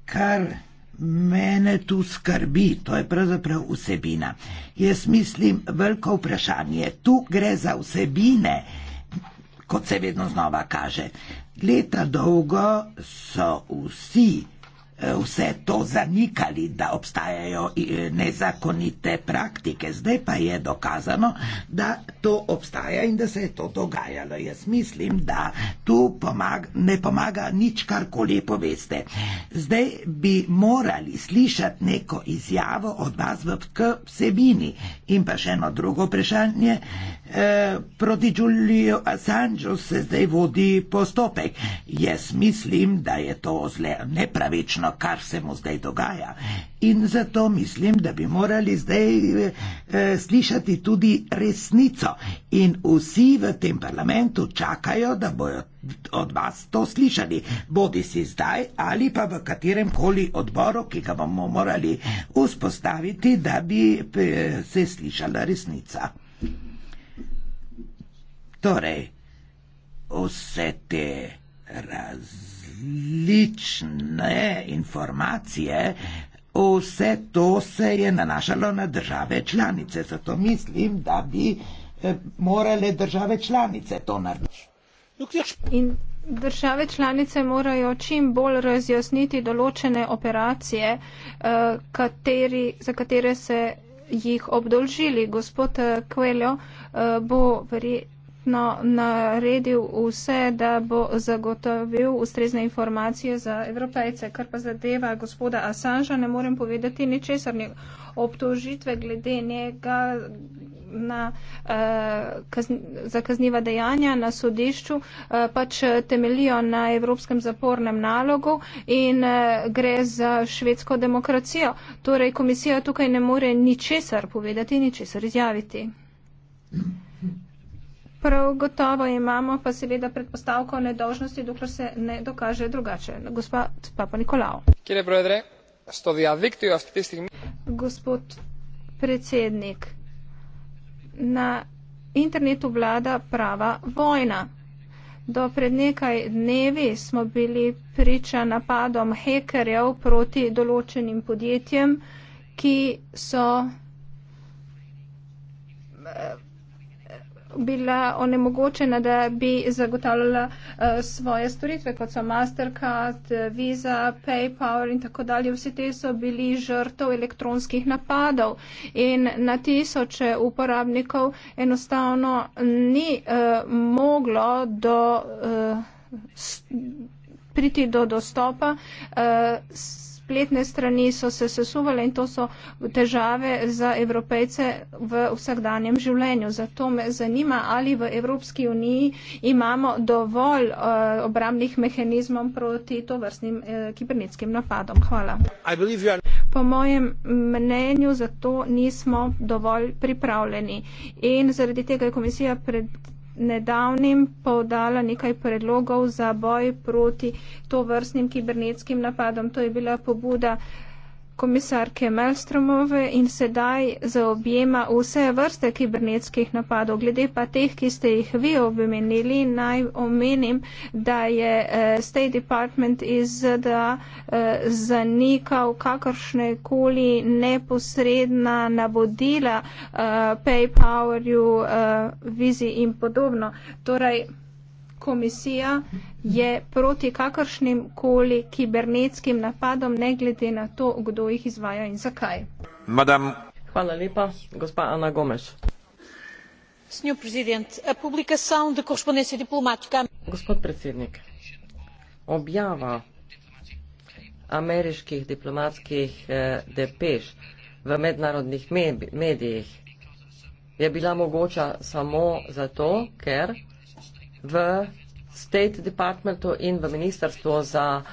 kar Mene tu skrbi, to je pravzaprav vsebina. Jaz mislim, veliko vprašanje. Tu gre za vsebine, kot se vedno znova kaže. Leta dolgo so vsi vse to zanikali, da obstajajo e, nezakonite praktike. Zdaj pa je dokazano, da to obstaja in da se je to dogajalo. Jaz mislim, da tu pomag ne pomaga nič, kar koli poveste. Zdaj bi morali slišati neko izjavo od vas v vsebini. In pa še eno drugo vprašanje. E, proti Giulio Assangeu se zdaj vodi postopek. Jaz mislim, da je to zle nepravično tisto, kar se mu zdaj dogaja. In zato mislim, da bi morali zdaj e, slišati tudi resnico. In vsi v tem parlamentu čakajo, da bojo od vas to slišali, bodi si zdaj ali pa v katerem koli odboru, ki ga bomo morali vzpostaviti, da bi e, se slišala resnica. Torej, vse te razlike različne informacije, vse to se je nanašalo na države članice. Zato mislim, da bi eh, morale države članice to narediti. In države članice morajo čim bolj razjasniti določene operacije, eh, kateri, za katere se jih obdolžili. Gospod Kveljo eh, bo verjetno verjetno naredil vse, da bo zagotovil ustrezne informacije za evropejce. Kar pa zadeva gospoda Assangea, ne morem povedati ničesar. Obtožitve glede njega na, uh, kazn, za kazniva dejanja na sodišču uh, pač temelijo na evropskem zapornem nalogu in uh, gre za švedsko demokracijo. Torej, komisija tukaj ne more ničesar povedati, ničesar izjaviti. Mm. Prav gotovo imamo pa seveda predpostavko o nedožnosti, dokler se ne dokaže drugače. Gospod Papa Nikolao. Gospod predsednik, na internetu vlada prava vojna. Do pred nekaj dnevi smo bili priča napadom hekerjev proti določenim podjetjem, ki so. Eh, bila onemogočena, da bi zagotavljala uh, svoje storitve, kot so Mastercard, Visa, PayPal in tako dalje. Vsi te so bili žrtov elektronskih napadov in na tisoče uporabnikov enostavno ni uh, moglo do. Uh, priti do dostopa. Uh, spletne strani so se sesuvale in to so težave za evropejce v vsakdanjem življenju. Zato me zanima, ali v Evropski uniji imamo dovolj uh, eh, obramnih mehanizmov proti to vrstnim uh, eh, kibernetskim napadom. Hvala. Po mojem mnenju zato nismo dovolj pripravljeni in zaradi tega je komisija pred nedavnim povdala nekaj predlogov za boj proti tovrstnim kibernetskim napadom. To je bila pobuda uh, komisarke Melstromove in sedaj zaobjema vse vrste kibernetskih napadov. Glede pa teh, ki ste jih vi obmenili, naj omenim, da je eh, State Department iz ZDA eh, zanikal kakršne koli neposredna navodila eh, PayPalju, Vizi in podobno. Torej, komisija je proti kakršnim koli kibernetskim napadom, ne glede na to, kdo jih izvaja in zakaj. Madam. Hvala lepa, gospa Ana Gomes. Senhor Presidente, a publicação da correspondência diplomática. Gospod predsednik, objava ameriških diplomatskih eh, depeš v mednarodnih medijih je bila mogoča samo zato, ker v State Departmentu in v Ministrstvu za eh,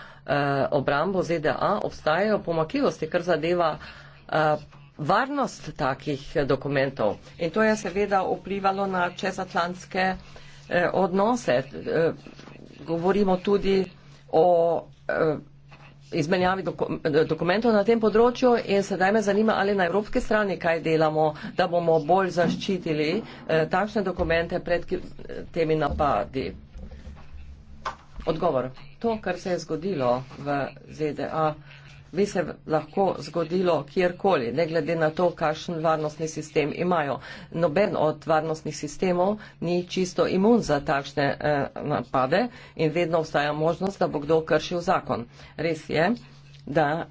obrambo ZDA obstajajo pomakljivosti, kar zadeva eh, varnost takih dokumentov. In to je seveda vplivalo na čezatlantske eh, odnose. Eh, govorimo tudi o. Eh, izmenjavi doko, dokumentov na tem področju in sedaj me zanima, ali na evropski strani kaj delamo, da bomo bolj zaščitili eh, takšne dokumente pred temi napadi. Odgovor. To, kar se je zgodilo v ZDA bi se lahko zgodilo kjerkoli, ne glede na to, kakšen varnostni sistem imajo. Noben od varnostnih sistemov ni čisto imun za takšne eh, napade in vedno obstaja možnost, da bo kdo kršil zakon. Res je, da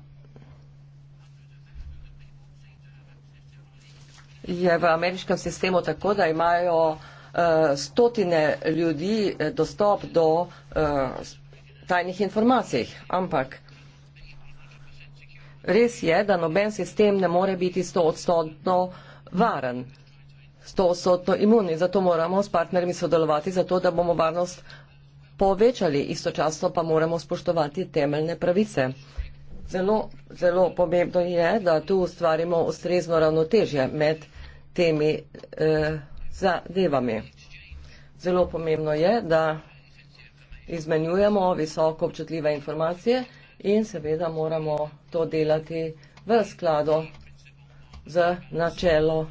je v ameriškem sistemu tako, da imajo eh, stotine ljudi eh, dostop do. Eh, tajnih informacij, ampak Res je, da noben sistem ne more biti 100-odstotno varen, 100-odstotno imunni, zato moramo s partnerji sodelovati, zato da bomo varnost povečali, istočasno pa moramo spoštovati temeljne pravice. Zelo, zelo pomembno je, da tu ustvarimo ustrezno ravnotežje med temi eh, zadevami. Zelo pomembno je, da izmenjujemo visoko občutljive informacije in seveda moramo to delati v skladu z načelo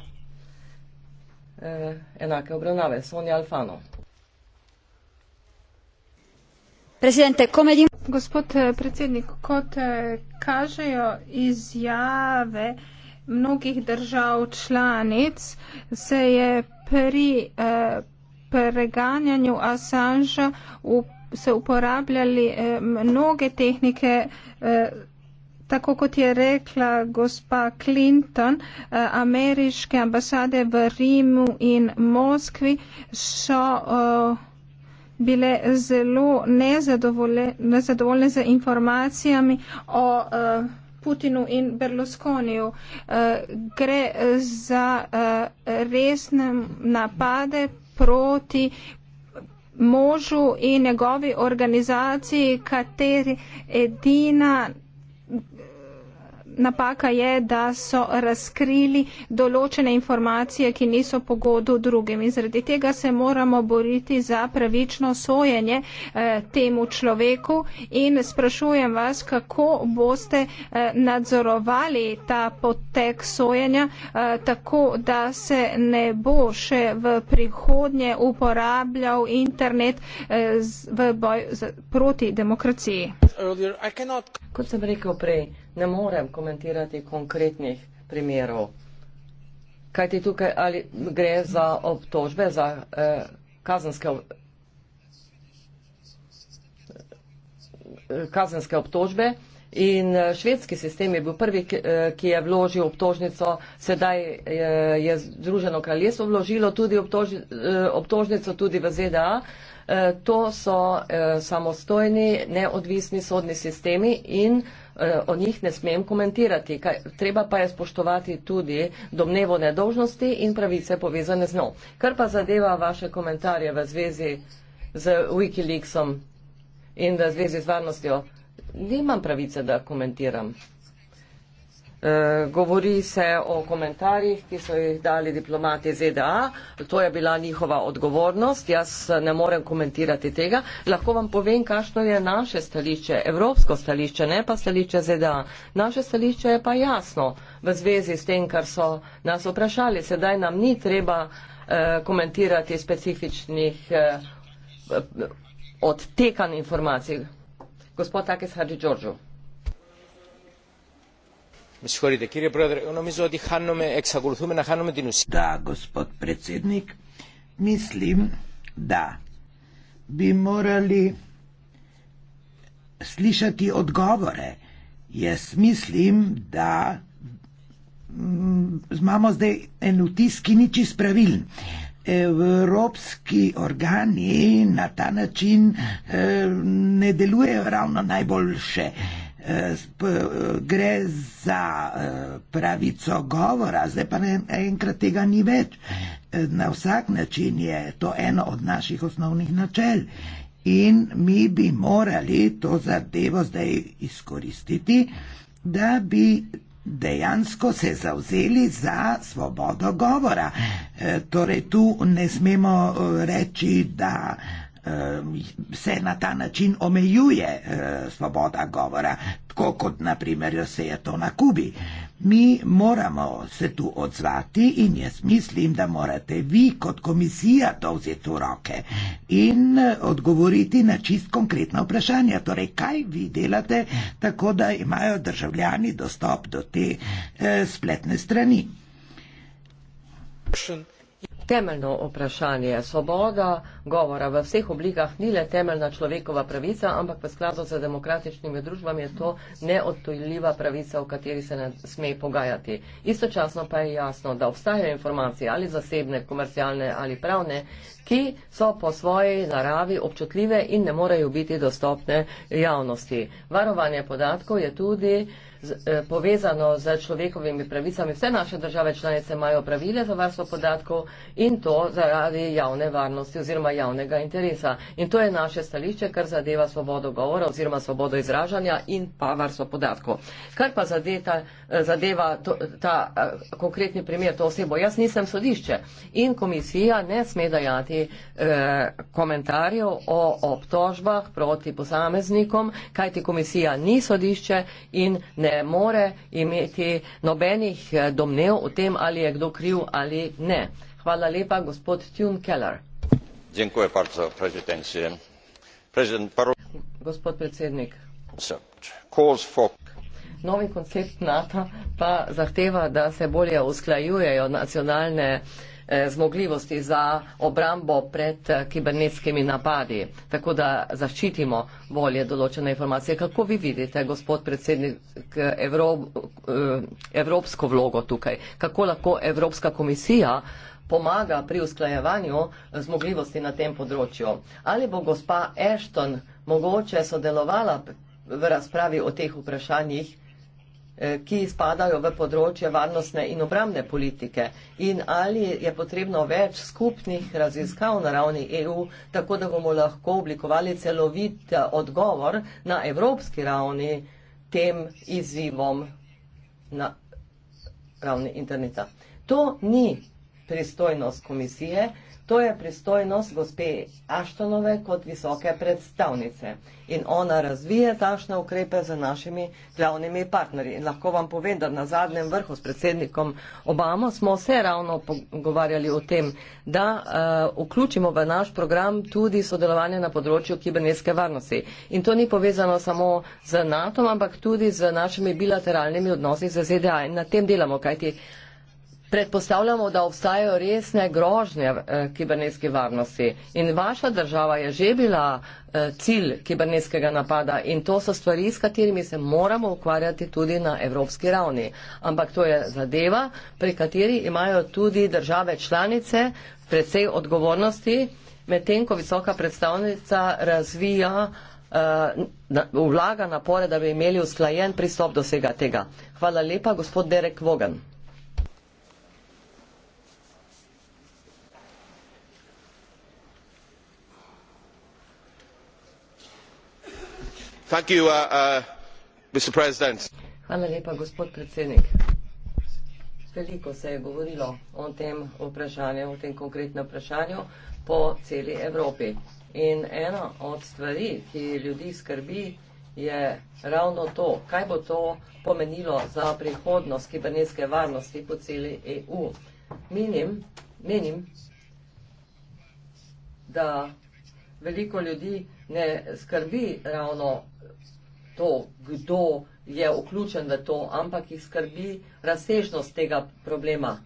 eh, enake obravnave. Sonja Alfano. Gospod eh, predsednik, kot eh, kažejo izjave mnogih držav članic, se je pri eh, preganjanju Assangea v se uporabljali mnoge tehnike, eh, tako kot je rekla gospa Clinton, eh, ameriške ambasade v Rimu in Moskvi so eh, bile zelo nezadovoljne, nezadovoljne z informacijami o Putinu in Berlusconiju. Gre za resne napade proti možu in njegovi organizaciji, kateri edina napaka je, da so razkrili določene informacije, ki niso pogodu drugim. In zaradi tega se moramo boriti za pravično sojenje eh, temu človeku. In sprašujem vas, kako boste eh, nadzorovali ta potek sojenja, eh, tako da se ne bo še v prihodnje uporabljal internet eh, z, v boju proti demokraciji. Kot sem rekel prej, ne morem komentirati konkretnih primerov. Kaj ti tukaj ali gre za obtožbe, za eh, kazenske, kazenske obtožbe? In eh, švedski sistem je bil prvi, ki eh, je vložil obtožnico, sedaj eh, je Združeno kraljestvo vložilo tudi obtožnico tudi v ZDA. To so samostojni, neodvisni sodni sistemi in Eh, o njih ne smem komentirati. Kaj, treba pa je spoštovati tudi domnevo nedožnosti in pravice povezane z njo. Kar pa zadeva vaše komentarje v zvezi z Wikileaksom in v zvezi z varnostjo, nimam pravice, da komentiram. Eh, govori se o komentarjih, ki so jih dali diplomati ZDA. To je bila njihova odgovornost. Jaz ne morem komentirati tega. Lahko vam povem, kakšno je naše stališče, evropsko stališče, ne pa stališče ZDA. Naše stališče je pa jasno v zvezi s tem, kar so nas vprašali. Sedaj nam ni treba eh, komentirati specifičnih eh, odtekanj informacij. Gospod Takes Hadži Đorđu. Με συγχωρείτε, κύριε Πρόεδρε, νομίζω ότι χάνουμε, εξακολουθούμε να χάνουμε την ουσία. Да, господ председник, мислим да би морали слишати одговоре. Јас мислим да мамо зде ен утиски ничи справилн. Европски органи на та начин не делуе равно најболше. Uh, Eh, gre za eh, pravico govora, zdaj pa enkrat tega ni več. Eh, na vsak način je to eno od naših osnovnih načel in mi bi morali to zadevo zdaj izkoristiti, da bi dejansko se zauzeli za svobodo govora. Torej tu ne smemo reči, da Eh, se na ta način omejuje eh, svoboda govora, tako kot naprimer se je to na Kubi. Mi moramo se tu odzvati in jaz mislim, da morate vi kot komisija to vzeti v roke in eh, odgovoriti na čist konkretna vprašanja. Torej, kaj vi delate tako, da imajo državljani dostop do te eh, spletne strani? Prvo, Temeljno vprašanje svoboda govora v vseh oblikah ni le temeljna človekova pravica, ampak v skladu z demokratičnimi družbami je to neodtojljiva pravica, o kateri se ne sme pogajati. Istočasno pa je jasno, da obstajajo informacije ali zasebne, komercialne ali pravne, ki so po svoji naravi občutljive in ne morejo biti dostopne javnosti. Varovanje podatkov je tudi z, eh, povezano z človekovimi pravicami. Vse naše države članice imajo pravile za varstvo podatkov in to zaradi javne varnosti oziroma javnega interesa. In to je naše stališče, kar zadeva svobodo govora oziroma svobodo izražanja in pa varstvo podatkov. Kar pa zadeta, eh, zadeva to, ta eh, konkretni primer, to osebo, jaz nisem sodišče in komisija ne sme dajati imeti e, eh, komentarjev o obtožbah proti posameznikom, kajti komisija ni sodišče in ne more imeti nobenih eh, domnev o tem, ali je kdo kriv ali ne. Hvala lepa, gospod Tune Keller. Gospod predsednik. Novi koncept NATO pa zahteva, da se bolje usklajujejo nacionalne uh, Eh, zmogljivosti za obrambo pred eh, kibernetskimi napadi, tako da zaščitimo volje določene informacije. Kako vi vidite, gospod predsednik, Evro, eh, evropsko vlogo tukaj? Kako lahko Evropska komisija pomaga pri usklajevanju zmogljivosti na tem področju? Ali bo gospa Ashton mogoče sodelovala v razpravi o teh vprašanjih? Eh, ki spadajo v področje varnostne in obramne politike in ali je potrebno več skupnih raziskav na ravni EU, tako da bomo lahko oblikovali celovit eh, odgovor na evropski ravni tem izzivom na ravni interneta. To ni pristojnost komisije, To je pristojnost gospe Aštonove kot visoke predstavnice in ona razvije takšne ukrepe z našimi glavnimi partnerji. In lahko vam povem, da na zadnjem vrhu s predsednikom Obamo smo se ravno pogovarjali o tem, da uh, vključimo v naš program tudi sodelovanje na področju kibernetske varnosti. In to ni povezano samo z NATO, ampak tudi z našimi bilateralnimi odnosi z ZDA in na tem delamo, kajti predpostavljamo, da obstajajo resne grožnje eh, kibernetske varnosti in vaša država je že bila eh, cilj kibernetskega napada in to so stvari, s katerimi se moramo ukvarjati tudi na evropski ravni. Ampak to je zadeva, pri kateri imajo tudi države članice predvsej odgovornosti, medtem ko visoka predstavnica razvija eh, vlaga napore, da bi imeli usklajen pristop do vsega tega. Hvala lepa, gospod Derek Vogan. Uh, uh, Hvala lepa, gospod predsednik. Veliko se je govorilo o tem vprašanju, o tem konkretnem vprašanju po celi Evropi. In ena od stvari, ki ljudi skrbi, je ravno to, kaj bo to pomenilo za prihodnost kibernetske varnosti po celi EU. Menim, menim, da veliko ljudi ne skrbi ravno to, kdo je vključen v to, ampak jih skrbi razsežnost tega problema.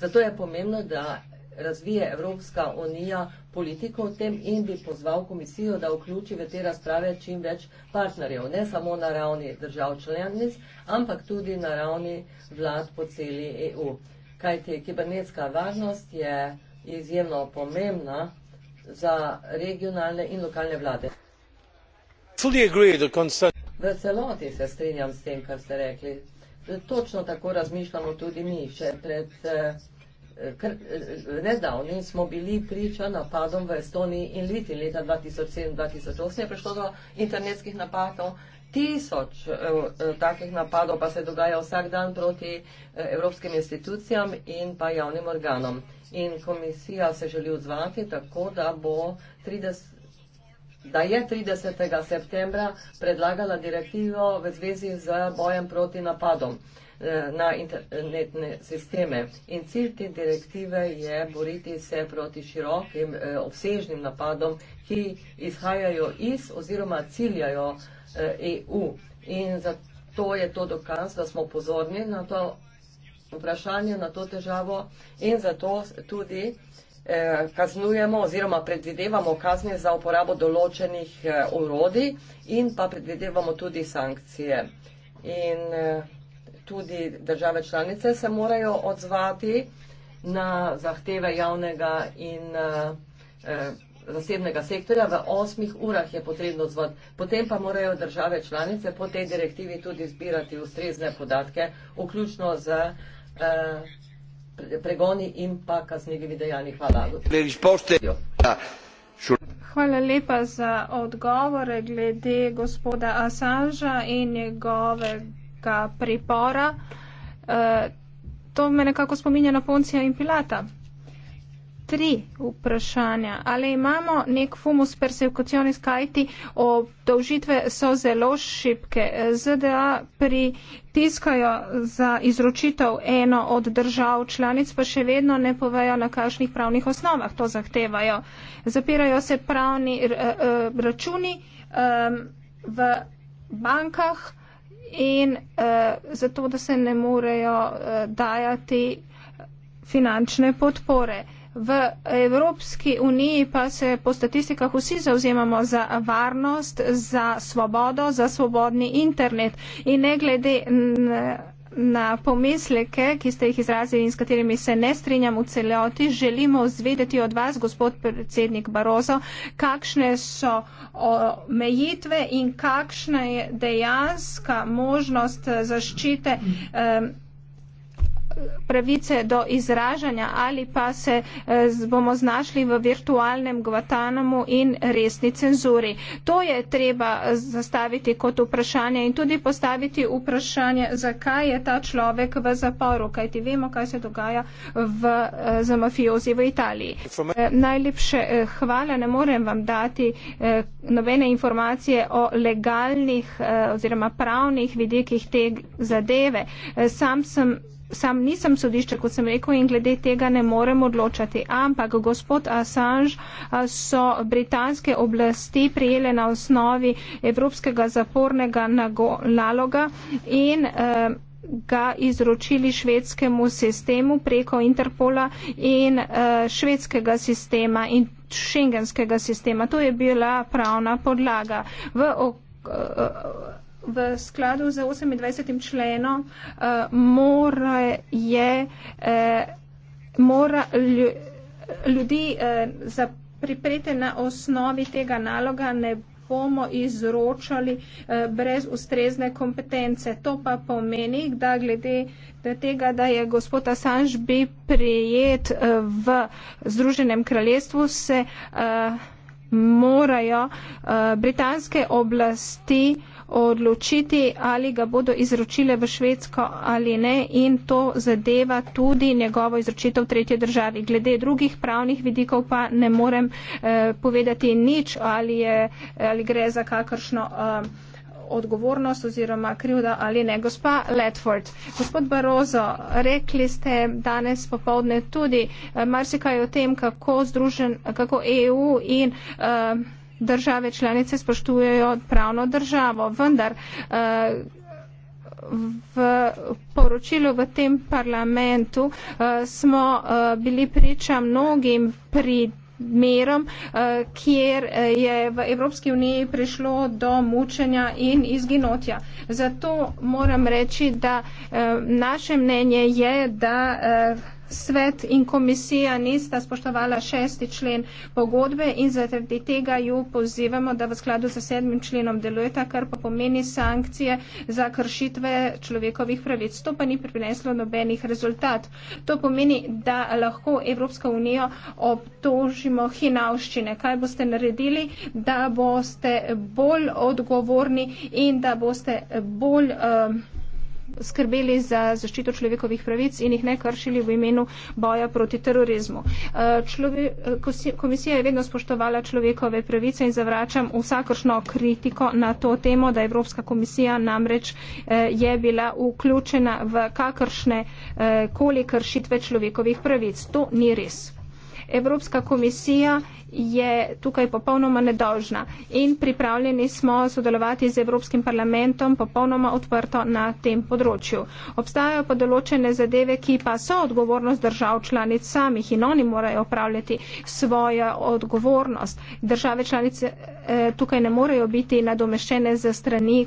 Zato je pomembno, da razvije Evropska unija politiko o tem in bi pozval komisijo, da vključi v te razprave čim več partnerjev, ne samo na ravni držav članic, ampak tudi na ravni vlad po celi EU. Kajti kibernetska varnost je izjemno pomembna za regionalne in lokalne vlade. V celoti se strinjam s tem, kar ste rekli. Točno tako razmišljamo tudi mi. Še pred eh, kr, eh, nedavnim smo bili priča napadom v Estoniji in Litvi leta 2007-2008 je prišlo do internetskih napadov. Tisoč eh, eh, takih napadov pa se dogaja vsak dan proti eh, evropskim institucijam in pa javnim organom. In komisija se želi odzvati tako, da bo 30, da je 30. septembra predlagala direktivo v zvezi z bojem proti napadom eh, na internetne sisteme. In cilj te direktive je boriti se proti širokim eh, obsežnim napadom, ki izhajajo iz oziroma ciljajo EU. Eh, e in zato je to dokaz, da smo pozorni na to vprašanje, na to težavo in zato tudi eh, Eh, kaznujemo oziroma predvidevamo kazni za uporabo določenih urodij eh, in pa predvidevamo tudi sankcije. In eh, tudi države članice se morajo odzvati na zahteve javnega in zasebnega sektorja. V osmih urah je potrebno odzvati. Potem pa morajo države članice po tej direktivi tudi zbirati ustrezne podatke, vključno z pregoni in pa kaznjivi dejanji. Hvala. Hvala lepa za odgovore glede gospoda Assanža in njegovega pripora. Eh, to me nekako spominja na Poncija in Pilata tri vprašanja. Ali imamo nek fumus persecutionis kajti obdolžitve so zelo šipke. ZDA pritiskajo za izročitev eno od držav članic, pa še vedno ne povejo na kakšnih pravnih osnovah to zahtevajo. Zapirajo se pravni računi v bankah in eh, zato, da se ne morejo eh, dajati finančne podpore. V Evropski uniji pa se po statistikah vsi zauzemamo za varnost, za svobodo, za svobodni internet in ne glede na pomisleke, ki ste jih izrazili in s katerimi se ne strinjam v celoti, želimo zvedeti od vas, gospod predsednik Barozo, kakšne so mejitve in kakšna je dejanska možnost zaščite. Um, pravice do izražanja ali pa se eh, bomo znašli v virtualnem Guatanamu in resni cenzuri. To je treba eh, zastaviti kot vprašanje in tudi postaviti vprašanje, zakaj je ta človek v zaporu, kajti vemo, kaj se dogaja v, eh, za mafiozi v Italiji. Najlepše hvala, ne morem vam dati nobene informacije o legalnih oziroma pravnih vidikih te zadeve. Sam sem sam nisem sodišče, kot sem rekel, in glede tega ne morem odločati. Ampak gospod Assange so britanske oblasti prijele na osnovi evropskega zapornega naloga in e, ga izročili švedskemu sistemu preko Interpola in e, švedskega sistema in šengenskega sistema. To je bila pravna podlaga. V e, v skladu z 28. členom eh, eh, mora je mora ljudi eh, zapripreti na osnovi tega naloga ne bomo izročali brez ustrezne kompetence. To pa pomeni, da glede tega, da je gospod Assange bi prijet v Združenem kraljestvu, se morajo britanske oblasti odločiti, ali ga bodo izročile v Švedsko ali ne in to zadeva tudi njegovo izročitev tretje državi. Glede drugih pravnih vidikov pa ne morem eh, povedati nič, ali, je, ali gre za kakršno. Eh, odgovornost oziroma krivda ali ne. Gospa Letford, gospod Barozo, rekli ste danes popovdne tudi eh, marsikaj o tem, kako, združen, kako EU in uh, države članice spoštujejo pravno državo, vendar eh, v poročilu v tem parlamentu eh, smo eh, bili priča mnogim pri merom, kjer je v Evropski uniji prišlo do mučenja in izginotja. Zato moram reči, da naše mnenje je, da svet in komisija nista spoštovala šesti člen pogodbe in zaradi tega ju pozivamo, da v skladu z sedmim členom delujeta, kar pa pomeni sankcije za kršitve človekovih pravic. To pa ni prineslo nobenih rezultat. To pomeni, da lahko Evropsko unijo obtožimo hinavščine. Kaj boste naredili, da boste bolj odgovorni in da boste bolj. Uh, skrbeli za zaščito človekovih pravic in jih ne kršili v imenu boja proti terorizmu. Eh, člove, eh, komisija je vedno spoštovala človekove pravice in zavračam vsakršno kritiko na to temo, da Evropska komisija namreč eh, je bila vključena v kakršne koli kršitve človekovih pravic. To ni res. Evropska komisija je tukaj popolnoma nedolžna in pripravljeni smo sodelovati z Evropskim parlamentom popolnoma odprto na tem področju. Obstajajo pa določene zadeve, ki pa so odgovornost držav članic samih in oni morajo upravljati svojo odgovornost. Države članice eh, tukaj ne morejo biti nadomeščene za strani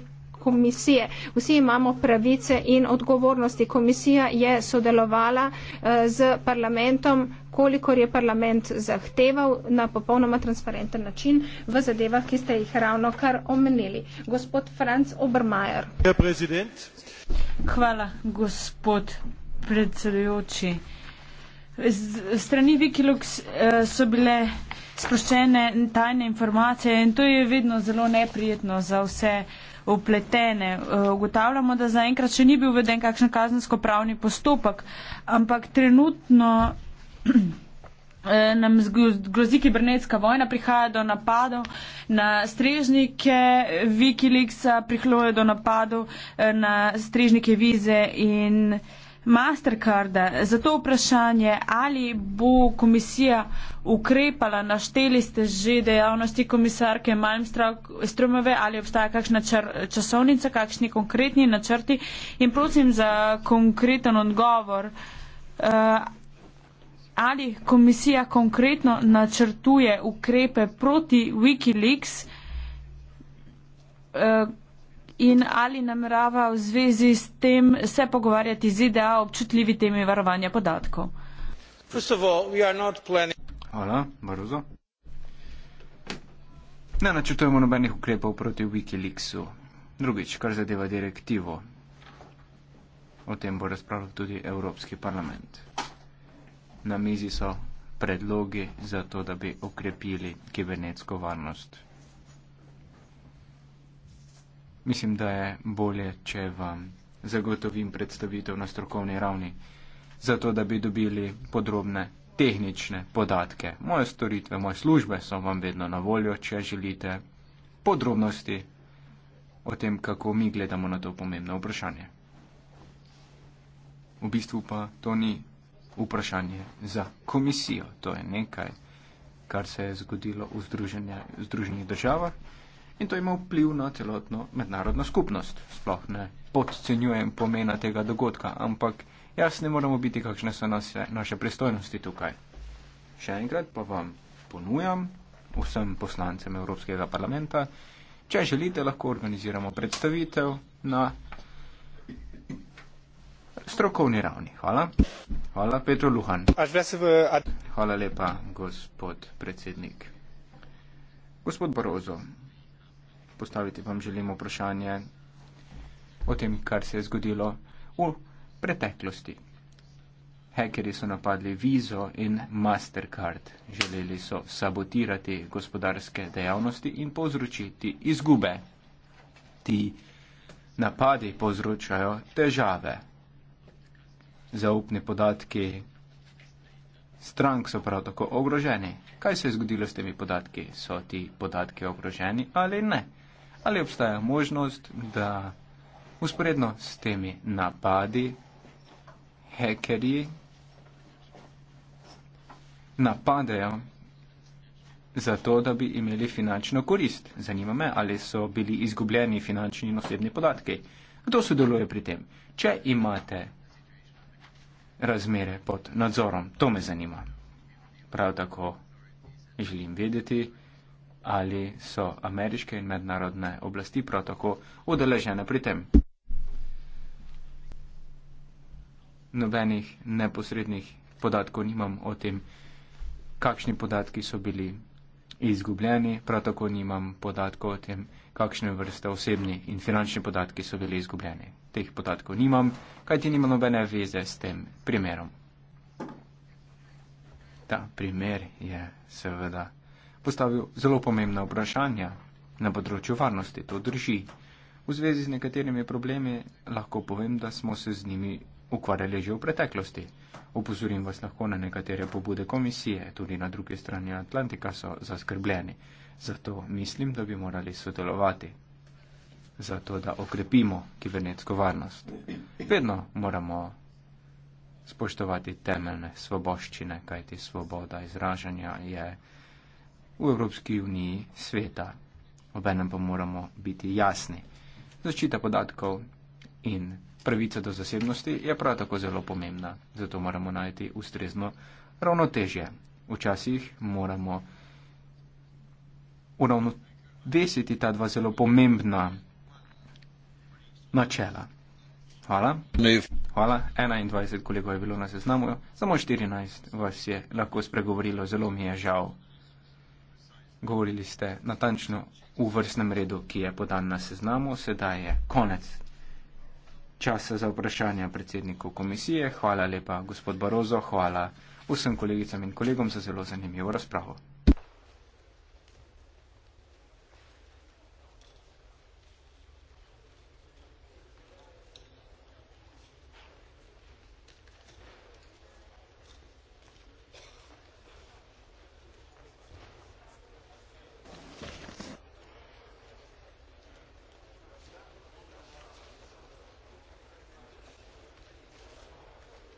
komisije. Vsi imamo pravice in odgovornosti. Komisija je sodelovala eh, z parlamentom kolikor je parlament zahteval na popolnoma transparenten način v zadevah, ki ste jih ravno kar omenili. Gospod Franz Obermajer. Hvala, gospod predsedujoči. Strani Wikilux eh, so bile sproščene tajne informacije in to je vedno zelo neprijetno za vse upletene. Eh, ugotavljamo, da zaenkrat še ni bil veden kakšen kazensko-pravni postopek, ampak trenutno [clears throat] eh, nam grozi kibernetska vojna, prihaja do napadov na strežnike Wikileaksa, prihlo je do napadov eh, na strežnike vize in Mastercarda. Zato vprašanje, ali bo komisija ukrepala, našteli ste že dejavnosti komisarke Malmstrumove, ali obstaja kakšna čar, časovnica, kakšni konkretni načrti in prosim za konkreten odgovor. Uh, ali komisija konkretno načrtuje ukrepe proti Wikileaks? Uh, in ali namerava v zvezi s tem se pogovarjati z IDA o občutljivi temi varovanja podatkov. Hvala, Baruzo. Ne načrtujemo nobenih ukrepov proti Wikileaksu. Drugič, kar zadeva direktivo, o tem bo razpravljal tudi Evropski parlament. Na mizi so predlogi za to, da bi okrepili kibernetsko varnost mislim, da je bolje, če vam zagotovim predstavitev na strokovni ravni, zato da bi dobili podrobne tehnične podatke. Moje storitve, moje službe so vam vedno na voljo, če želite podrobnosti o tem, kako mi gledamo na to pomembno vprašanje. V bistvu pa to ni vprašanje za komisijo, to je nekaj, kar se je zgodilo v Združenih državah in to ima vpliv na celotno mednarodno skupnost. Sploh ne podcenjujem pomena tega dogodka, ampak jaz ne moramo biti, kakšne so nose, naše pristojnosti tukaj. Še enkrat pa vam ponujam, vsem poslancem Evropskega parlamenta, če želite, lahko organiziramo predstavitev na strokovni ravni. Hvala. Hvala, Petro Luhan. Hvala lepa, gospod predsednik. Gospod Barozo, postaviti vam želim vprašanje o tem, kar se je zgodilo v preteklosti. Hekeri so napadli Vizo in Mastercard. Želeli so sabotirati gospodarske dejavnosti in povzročiti izgube. Ti napadi povzročajo težave. Zaupni podatki strank so prav tako ogroženi. Kaj se je zgodilo s temi podatki? So ti podatki ogroženi ali ne? ali obstaja možnost, da usporedno s temi napadi hekerji napadejo zato, da bi imeli finančno korist. Zanima me, ali so bili izgubljeni finančni in osebni podatki. Kdo sodeluje pri tem? Če imate razmere pod nadzorom, to me zanima. Prav tako želim vedeti, ali so ameriške in mednarodne oblasti prav tako udeležene pri tem. Nobenih neposrednih podatkov nimam o tem, kakšni podatki so bili izgubljeni, prav tako nimam podatkov o tem, kakšne vrste osebni in finančni podatki so bili izgubljeni. Teh podatkov nimam, kajti nima nobene veze s tem primerom. Ta primer je seveda postavil zelo pomembna vprašanja na področju varnosti. To drži. V zvezi z nekaterimi problemi lahko povem, da smo se z njimi ukvarjali že v preteklosti. Opozorim vas lahko na nekatere pobude komisije, tudi na druge strani Atlantika so zaskrbljeni. Zato mislim, da bi morali sodelovati. Zato, da okrepimo kibernetsko varnost. Vedno moramo spoštovati temeljne svoboščine, kajti svoboda izražanja je v Evropski uniji sveta. Obenem pa moramo biti jasni. Zaščita podatkov in pravica do zasebnosti je prav tako zelo pomembna, zato moramo najti ustrezno ravnotežje. Včasih moramo uravnovesiti ta dva zelo pomembna načela. Hvala. Hvala. 21 kolegov je bilo na seznamu, samo 14 vas je lahko spregovorilo, zelo mi je žal govorili ste natančno v vrstnem redu, ki je podan na seznamu. Sedaj je konec časa za vprašanja predsedniku komisije. Hvala lepa, gospod Barozo, hvala vsem kolegicam in kolegom za zelo zanimivo razpravo.